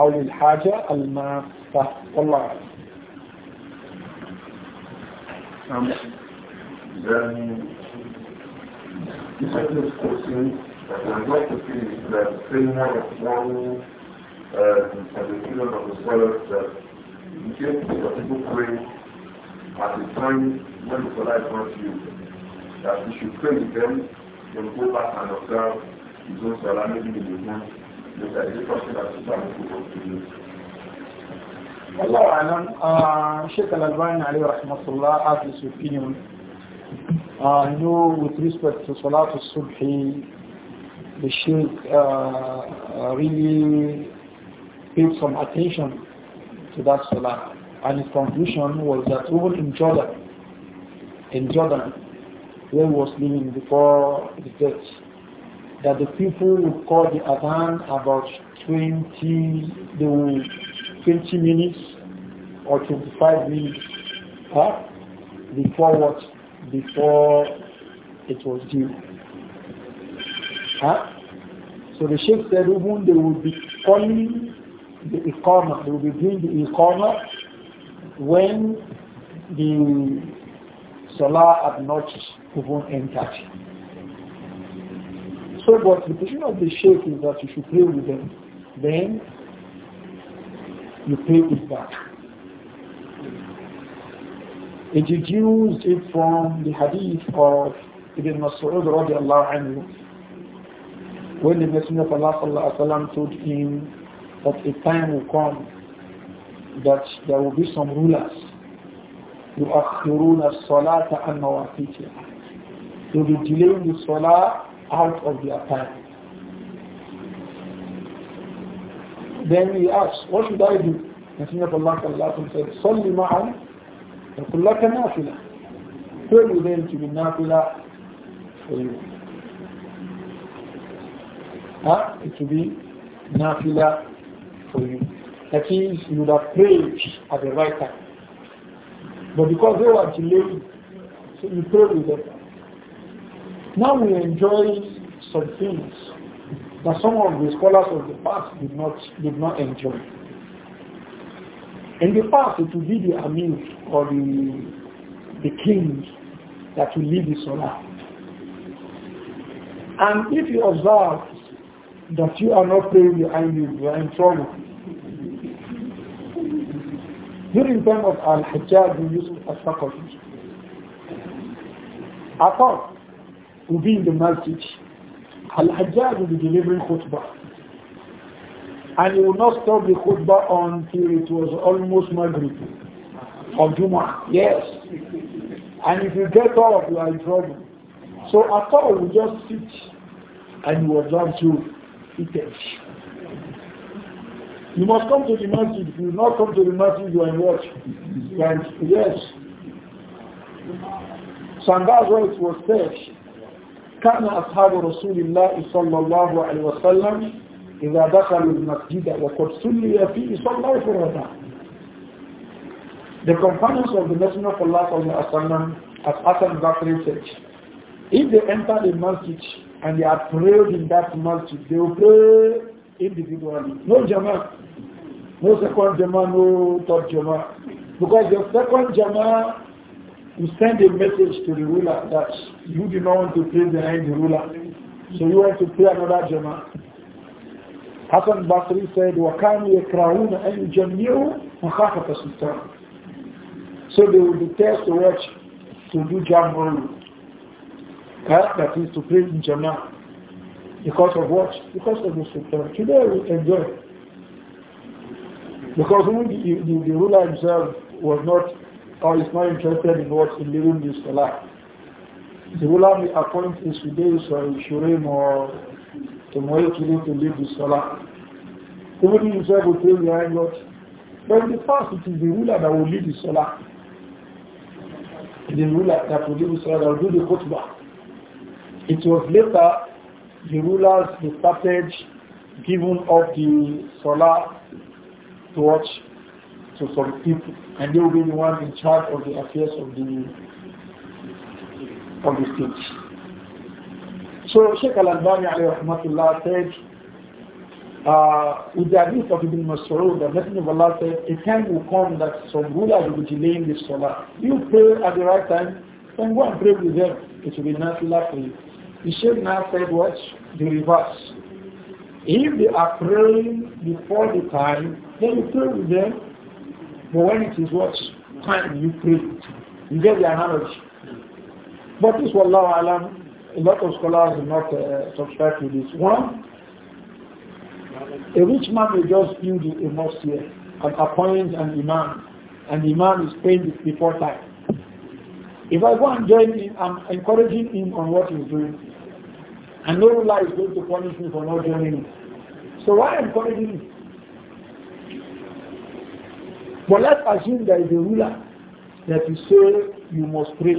Speaker 1: أو للحاجة الماسة والله أعلم discipline stations that would like to finish that framework of morning uh, and the of the scholars that in case the people pray at the time when the Salah is not you, that we should pray with them, then go back and observe his own Salah, maybe in the room, look at the person that is trying to work to you. Allah Alam, uh, Sheikh Al-Albani alayhi rahmatullah has this opinion uh, I know with respect to Salat al-Subhi, the Sheikh uh, uh, really paid some attention to that Salat, And his conclusion was that even in Jordan, in Jordan, where he was living before the death, that the people would call the Adhan about 20, 20 minutes or 25 minutes huh, before what before it was due. Huh? So the Sheikh said even they will be calling the Iqamah, they would be doing the Iqamah when the Salah had not even entered. So what the position of the Sheikh is that you should pray with them. Then you pay it back. He deduced it from the hadith of Ibn Mas'ud radiallahu anhu. When the Messenger of Allah sallallahu alayhi wa told him that a time will come that there will be some rulers who يؤخرون الصلاة عن مواقيتها They will be delaying the salah out of their time. Then he asked, what should I do? Messenger of Allah sallallahu alayhi wa sallam said, صلي معهم وكلك نافلة كل ذلك بالنافلة for you. Huh? It will be nafila for you. That is, you would have prayed at the right time. But because they were delayed, so you prayed with them. Now we enjoy some things that some of the scholars of the past did not did not enjoy. In the past, it will be the Amir or the, king that will lead the Salah. And if you observe that you are not praying behind you, you are in trouble. During time of Al-Hajjaj, Yusuf al-Thaqafi, I thought would be in the masjid. Al-Hajjaj will be delivering khutbah and he will not stop the khutbah until it was almost Maghrib of Juma. Yes. And if you get up, you are in trouble. So after all, we just sit and you observe you seated. You must come to the masjid. If you do not come to the masjid, you are in what? And yes. So and that's why it was said, كان أصحاب رسول الله صلى الله عليه وسلم إذا دخلوا المسجد وقد سلي فيه صلى الله عليه The companions of the Messenger of Allah sallallahu alaihi wasallam, as Hassan Bakri said, if they enter the masjid and they are prayed in that masjid, they will pray individually. No jama, no second jama, no third jama. Because the second jama will send a message to the ruler that you do not want to pray behind the ruler. So you want to pray another jama. Hassan Basri said, وَكَانُوا يَكْرَهُونَ أَنْ يُجَمِّعُوا مَخَافَةَ السُّلْطَانِ So they would detest to watch, to do jamboree. That is to pray in Jama'ah. Because of what? Because of the sultan. Today we enjoy. Because the, the, the, ruler himself was not, or is not interested in what in living this life. The ruler may appoint his today or Shurim or tomorrow you need to lead the solar. Somebody himself will pray behind not. But in the past, it is the ruler that will lead the solar. the ruler that will lead the solar, that will do the khutbah. It was later the rulers the started giving up the solar to watch to some people, and they will be the ones in charge of the affairs of the of the state. So Sheikh Al-Albani rahmatullah said, uh, with the hadith of Ibn Mas'ud, the Messenger of Allah said, a time will come that some rulers will be delaying this salah. You pray at the right time, then go and pray with them. It will be nafilah for you. The Sheikh now said what? The reverse. If they are praying before the time, then you pray with them. But when it is what? Time, you pray. You get the analogy. But this, Wallahu Alam, a lot of scholars do not uh, subscribe to this. One, a rich man will just build a mosque here and appoint an imam, and the imam is paid before time. If I go and join him, I'm encouraging him on what he's doing. And no ruler is going to punish me for not joining him. So why encouraging him? But let's assume there is a ruler that you say you must pray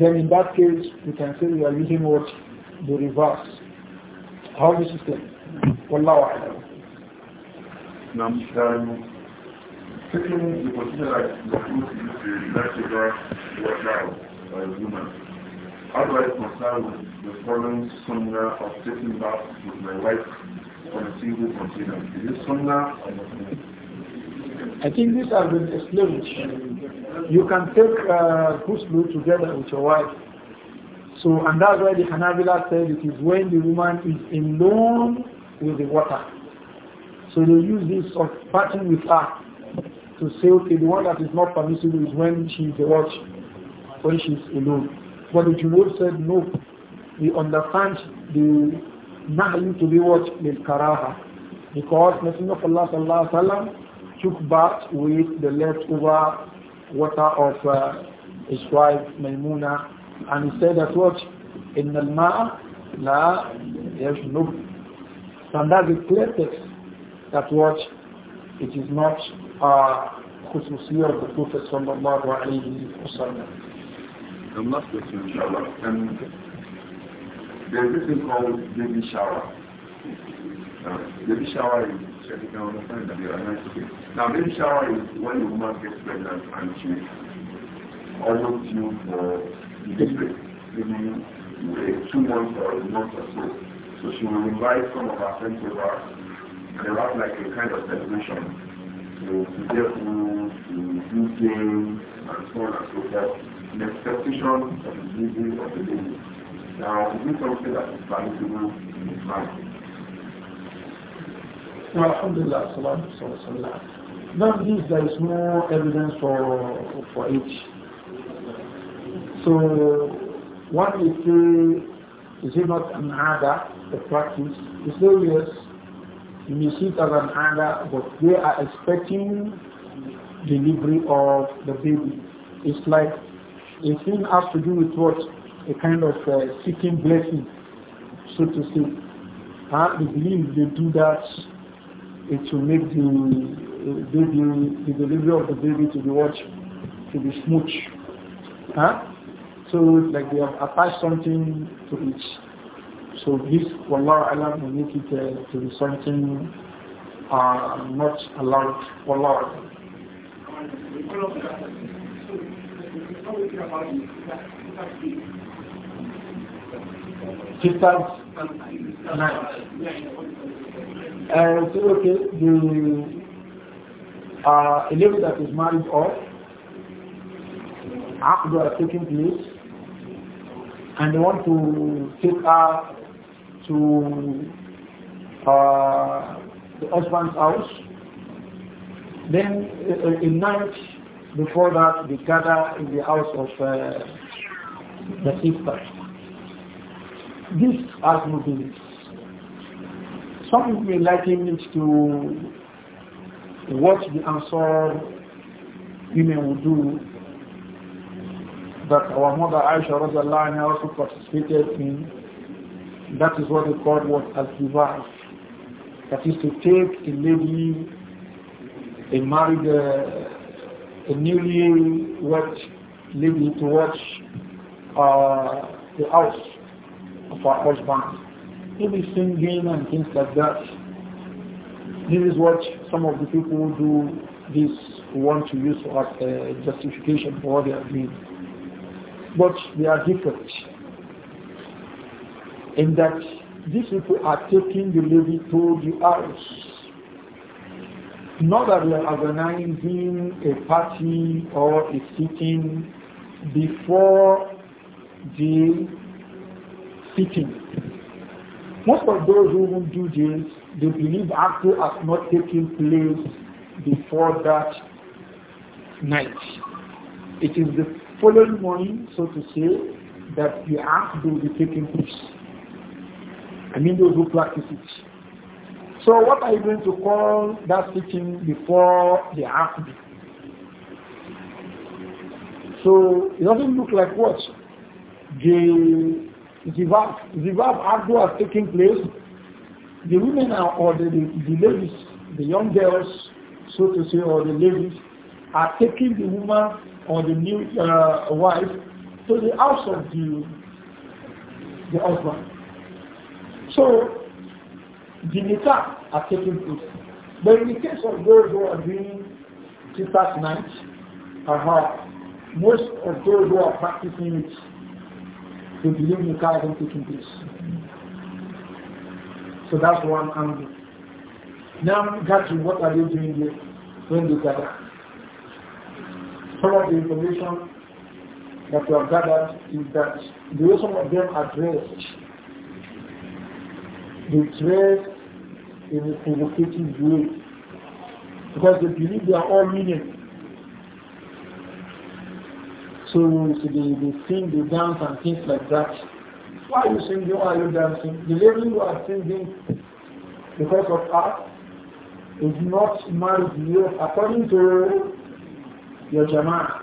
Speaker 1: then in that case we can say we are using what the reverse. How do you clear. Wallahu a'lam. Now, taking the consider that the food is the leftover or by human. woman, how do I reconcile with the following sunnah of taking bath with my wife on a single continent. Is this sunnah or not? I think this has been explained. You can take uh, ghusl together with your wife. So, and that's why the Hanabila said it is when the woman is alone with the water. So they use this of parting with her to say, okay, the one that is not permissible is when she is watch, when she is alone. But the Jumhur said, no, we understand the nahi to be watched with karaha. Because Messenger of Allah sallallahu alaihi took bath with the leftover water of uh, his wife Maimuna and he said that what in al-ma'a la yajnub and that's the clear text that what it is not uh, khususiyah of the Prophet sallallahu alayhi wa sallam. The last question inshallah and um, there is this thing called baby shower. Uh, baby shower is so you can understand that they are nice kids. Now, baby shower is when the woman gets pregnant and she almost due for delivery, maybe two months or a month or so. So she will invite some of her friends over and they have like a kind of celebration. To, to get food, to do things, and so on and so forth, in expectation of the delivery of the baby. Now, is this something that is valuable in Islam? Now, alhamdulillah, Sallallahu salam, salam. Now, this, there is no evidence for, for it. So, what we say, is it not an ada, the practice? It's say yes, you may see it as an ada, but they are expecting delivery of the baby. It's like a thing has to do with what? A kind of uh, seeking blessing, so to say. Uh, they believe they do that it will make the baby, the delivery of the baby to be watch To be smooch, Huh? So like they have attached something to it. So this, Wallahu Alam, will make it uh, to be something uh, not allowed. Wallahu Alam. Sisters, and uh, say, okay, the uh, a lady that is married off, after are taking place, and they want to take her to uh, the husband's house. Then in night before that, they gather in the house of uh, the sister. This has no business. Some people may liken it to what the Ansar women would do that our mother Aisha Radiallahu also participated in. That is what they called was as divorce. That is to take a lady, a married, uh, a newly wed lady to watch uh, the house of her husband. He'll singing and things like that. This is what some of the people do this want to use as a justification for what they are doing. But they are different in that these people are taking the liberty to the house. Not that they are organizing a party or a sitting before the sitting. Most of those who won't do this, they believe after has not taken place before that night. It is the following morning, so to say, that the act will be taking place. I mean those who practice it. So what are you going to call that sitting before the act? So it doesn't look like what? The zivab, zivab Abdu are taking place, the women are, or the, the, ladies, the young girls, so to say, or the ladies, are taking the woman or the new uh, wife to the house of the, the husband. So, the nita are taking place. But in the case of those who are doing Tita's night, uh, most of those who are practicing it believe in God and taking place. So that's one angle. Now, Gatri, what are you doing here when you gather? Some of the information that we have gathered is that the way some of them address? dressed, they dress in a provocative way because they believe they are all meaning. So so they, they sing, they dance and things like that. Why are you singing? Why are you dancing? The lady who are singing because of art is not married yet according to your jama'ah.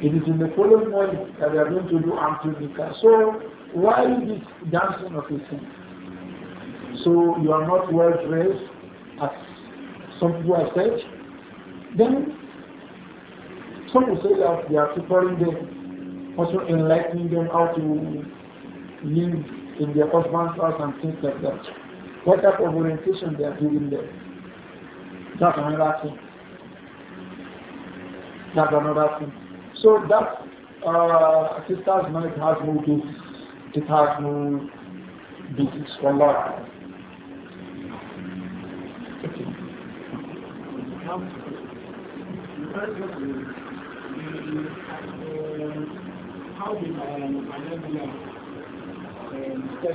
Speaker 1: It is in the following morning that we are going to do Amtul So why is this dancing of a thing? So you are not well dressed as some people have said. Then some will say that they are preparing them, also enlightening them how to live in their husband's house and things like that. What type of orientation they are giving them? That's another thing. That's another thing. So that uh, sister's marriage has no It has no basis for Okay how did um, Anabia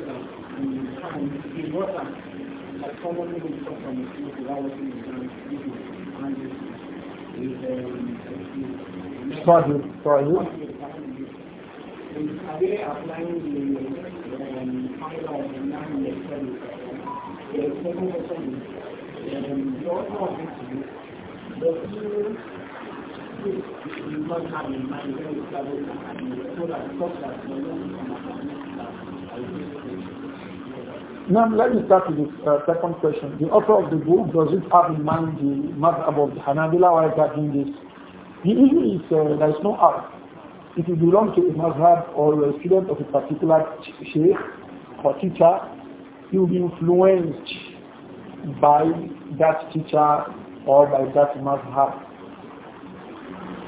Speaker 1: um, in water that commonly would come from the sea is Sorry, sorry. Are they applying the um, of the nine The second question is, um, does now let me start with the uh, second question. The author of the book does it have in mind the madhab of the Hanabila while talking this? The issue is uh, there is no art. If you belong to a madhab or a student of a particular sheikh or teacher, you will be influenced by that teacher or by that madhab.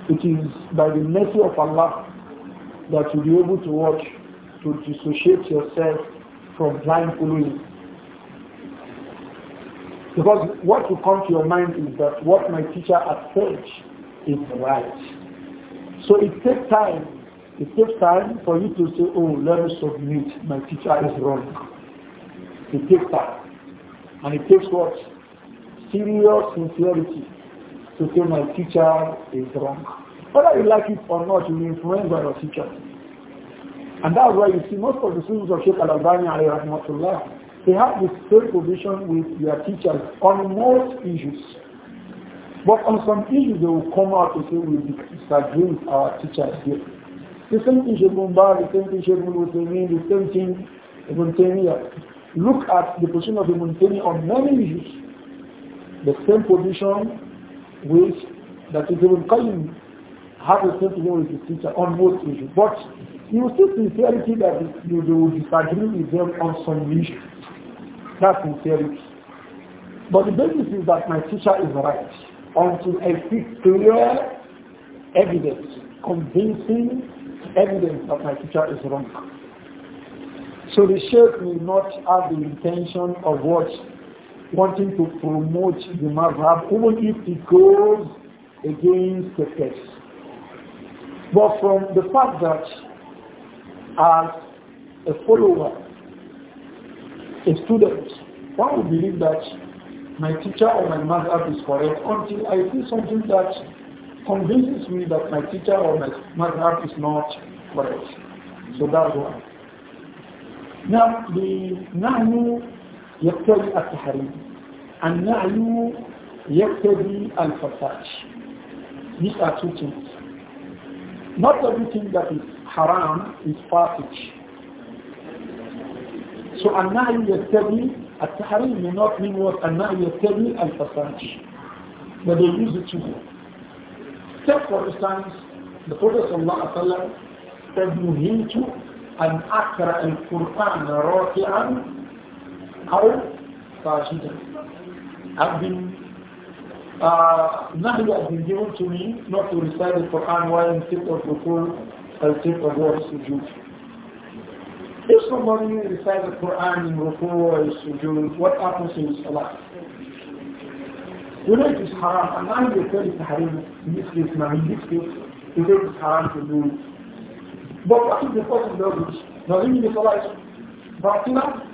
Speaker 1: It is by the mercy of Allah that you'll be able to watch, to dissociate yourself from blind following. Because what will come to your mind is that what my teacher has said is right. So it takes time. It takes time for you to say, oh, let me submit, my teacher is wrong. It takes time. And it takes what? Serious sincerity to say my teacher is wrong. Whether you like it or not, you influence by your teacher. And that's why you see most of the students of Sheikh Al-Albani they have the same position with their teachers on most issues. But on some issues they will come out and say we disagree with our teachers here. The same thing Sheikh Mumbai, the same thing Sheikh Muluthaymin, the same thing Ibn Look at the position of Ibn on many issues. The same position which that Ibn Qayyim had the same to do with his teacher on most issues. But you will see sincerity that you will disagree with them on some issues. That's sincerity. But the basis is that my teacher is right until I see clear evidence, convincing evidence that my teacher is wrong. So the sheikh will not have the intention of what wanting to promote the mazhab, even if it goes against the text. But from the fact that as a follower, a student, one would believe that my teacher or my mazhab is correct until I see something that convinces me that my teacher or my mazhab is not correct. So that's why. Now, the new. يقتضي التحريم النعي يقتضي الفساد These are two things. Not everything that is haram is passage. So النعي يقتضي التحريم may not mean what النعي يقتضي الفساد. But they use it too. Take for instance, the Prophet صلى الله عليه وسلم said, نهيت أن أقرأ القرآن راكعا أو فاجدا I've been uh, has been given to me not to recite the Quran while in state of Rukul and state of what sujood. If somebody recites the Quran in Rukul or sujood, what happens in salah? We know it is haram, and I will tell it haram in this case, now in this case, we know it is haram to do But what if the person does it? Does it mean the salah is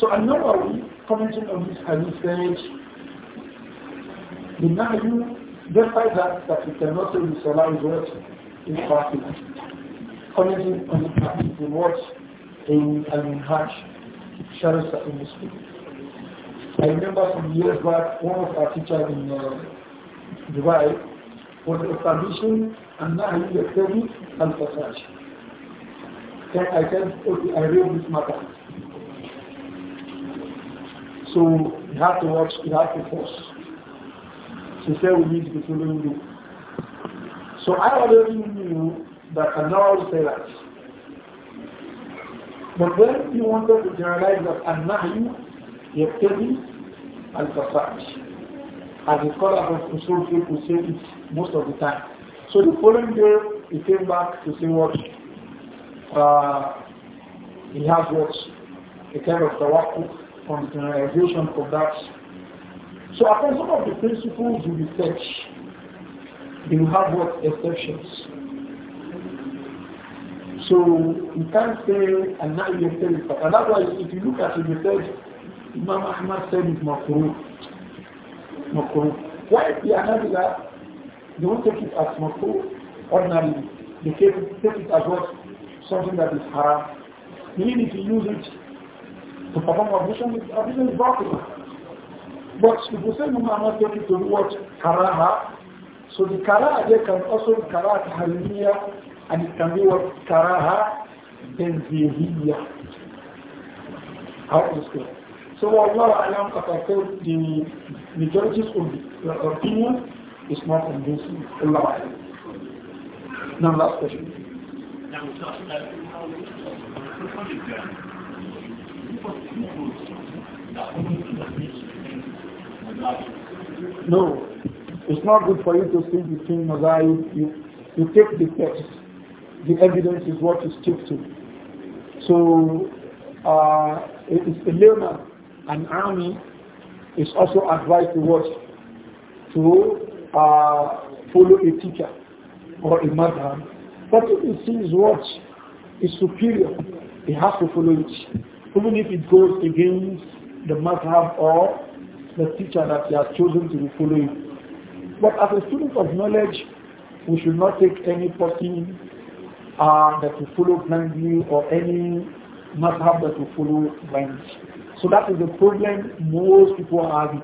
Speaker 1: so another commenting on this hadith said, the Nahyu, despite that, that we cannot say the Salah is what is fasting. Commenting on the hadith in what in Al-Minhaj, Sharasa in I remember some years back, one of our teachers in uh, Dubai was establishing a Nahyu Yaqtabi al-Fasaj. I said, okay, I read this matter. So you have to watch, you have to force. She say we need the following rule. So I already knew that I now say that. But when you wanted to generalize that An-Nahyu يبتدي الفساد as the scholars of Usul people say it most of the time. So the following day, he came back to say what uh, he has what a kind of tawakkuf on the uh, realization of that. So upon some of the principles you research, you have what exceptions. So you can't say and now you say it. And otherwise, if you look at it, you said Imam Ahmad said it's makruh. Makruh. Why the that, they won't take it as makruh ordinarily. They take it as what? something that is hard, You need to use it to perform ablution, ablution is possible. But if you say, no, I'm not going to do what? Karaha. So the karaha there can also be karaha and it can be what? Karaha tenzihiyya. How is this So Allah Alam, as I told, the majority's uh, opinion is not convincing. Allah Alam. Now last question. No, it's not good for you to speak between As You, you take the text. The evidence is what you stick to. So, uh, it's a learner, an army, is also advised to watch, to uh, follow a teacher or a madam but if he sees what is superior, he has to follow it. Even if it goes against the madhab or the teacher that he has chosen to be following. But as a student of knowledge, we should not take any person uh, that we follow blindly or any madhab that we follow blindly. So that is the problem most people are having.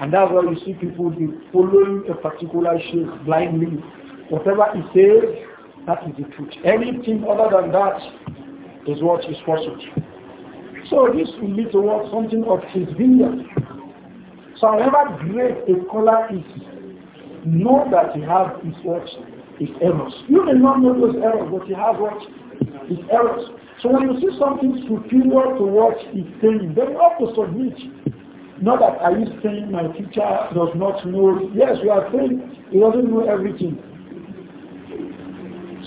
Speaker 1: And that's why you see people following a particular shape blindly. Whatever he says, that is the truth. Anything other than that is what is falsehood. So this will lead towards something of his vineyard. So however great a scholar is, know that he has his what? His errors. You may not know those errors, but you have what? His errors. So when you see something superior to what saying, then you have to submit. Not that are you saying my teacher does not know. Yes, you are saying he doesn't know everything.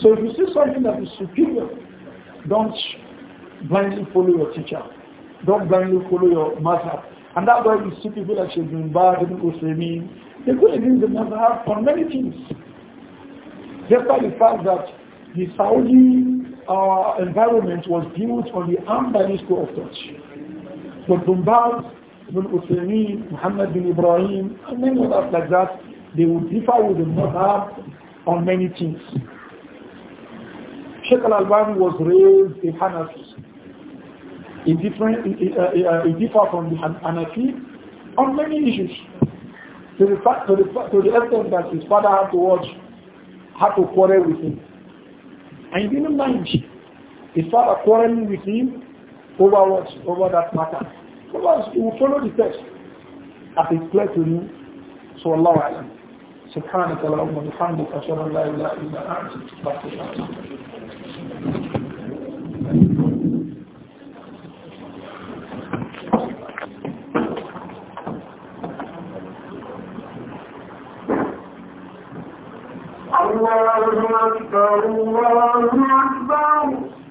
Speaker 1: So if you see something that is superior, don't blindly follow your teacher. Don't blindly follow your mother, And that way you see people like Sheikh Bin Baz, Ibn Uthaymeen, they go against the mother for many things. Just by the fact that the Saudi uh, environment was built on the Ambani school of touch. But Bin Ibn Uthaymeen, Muhammad bin Ibrahim, and many others like that, they would differ with the mother on many things. Sheikh al-Albani was raised a Hanafi. in different, in uh, uh, he differ from the Hanafi on many issues. To the, fact, to, the, to the extent that his father had to watch, had to quarrel with him. And he didn't mind. His father quarreling with him over what? Over that matter. Because he will follow the text as it's clear to him. So Allah Alam. سبحانك اللهم وبحمدك أشهد أن لا إله إلا أنت الله أكبر الله أكبر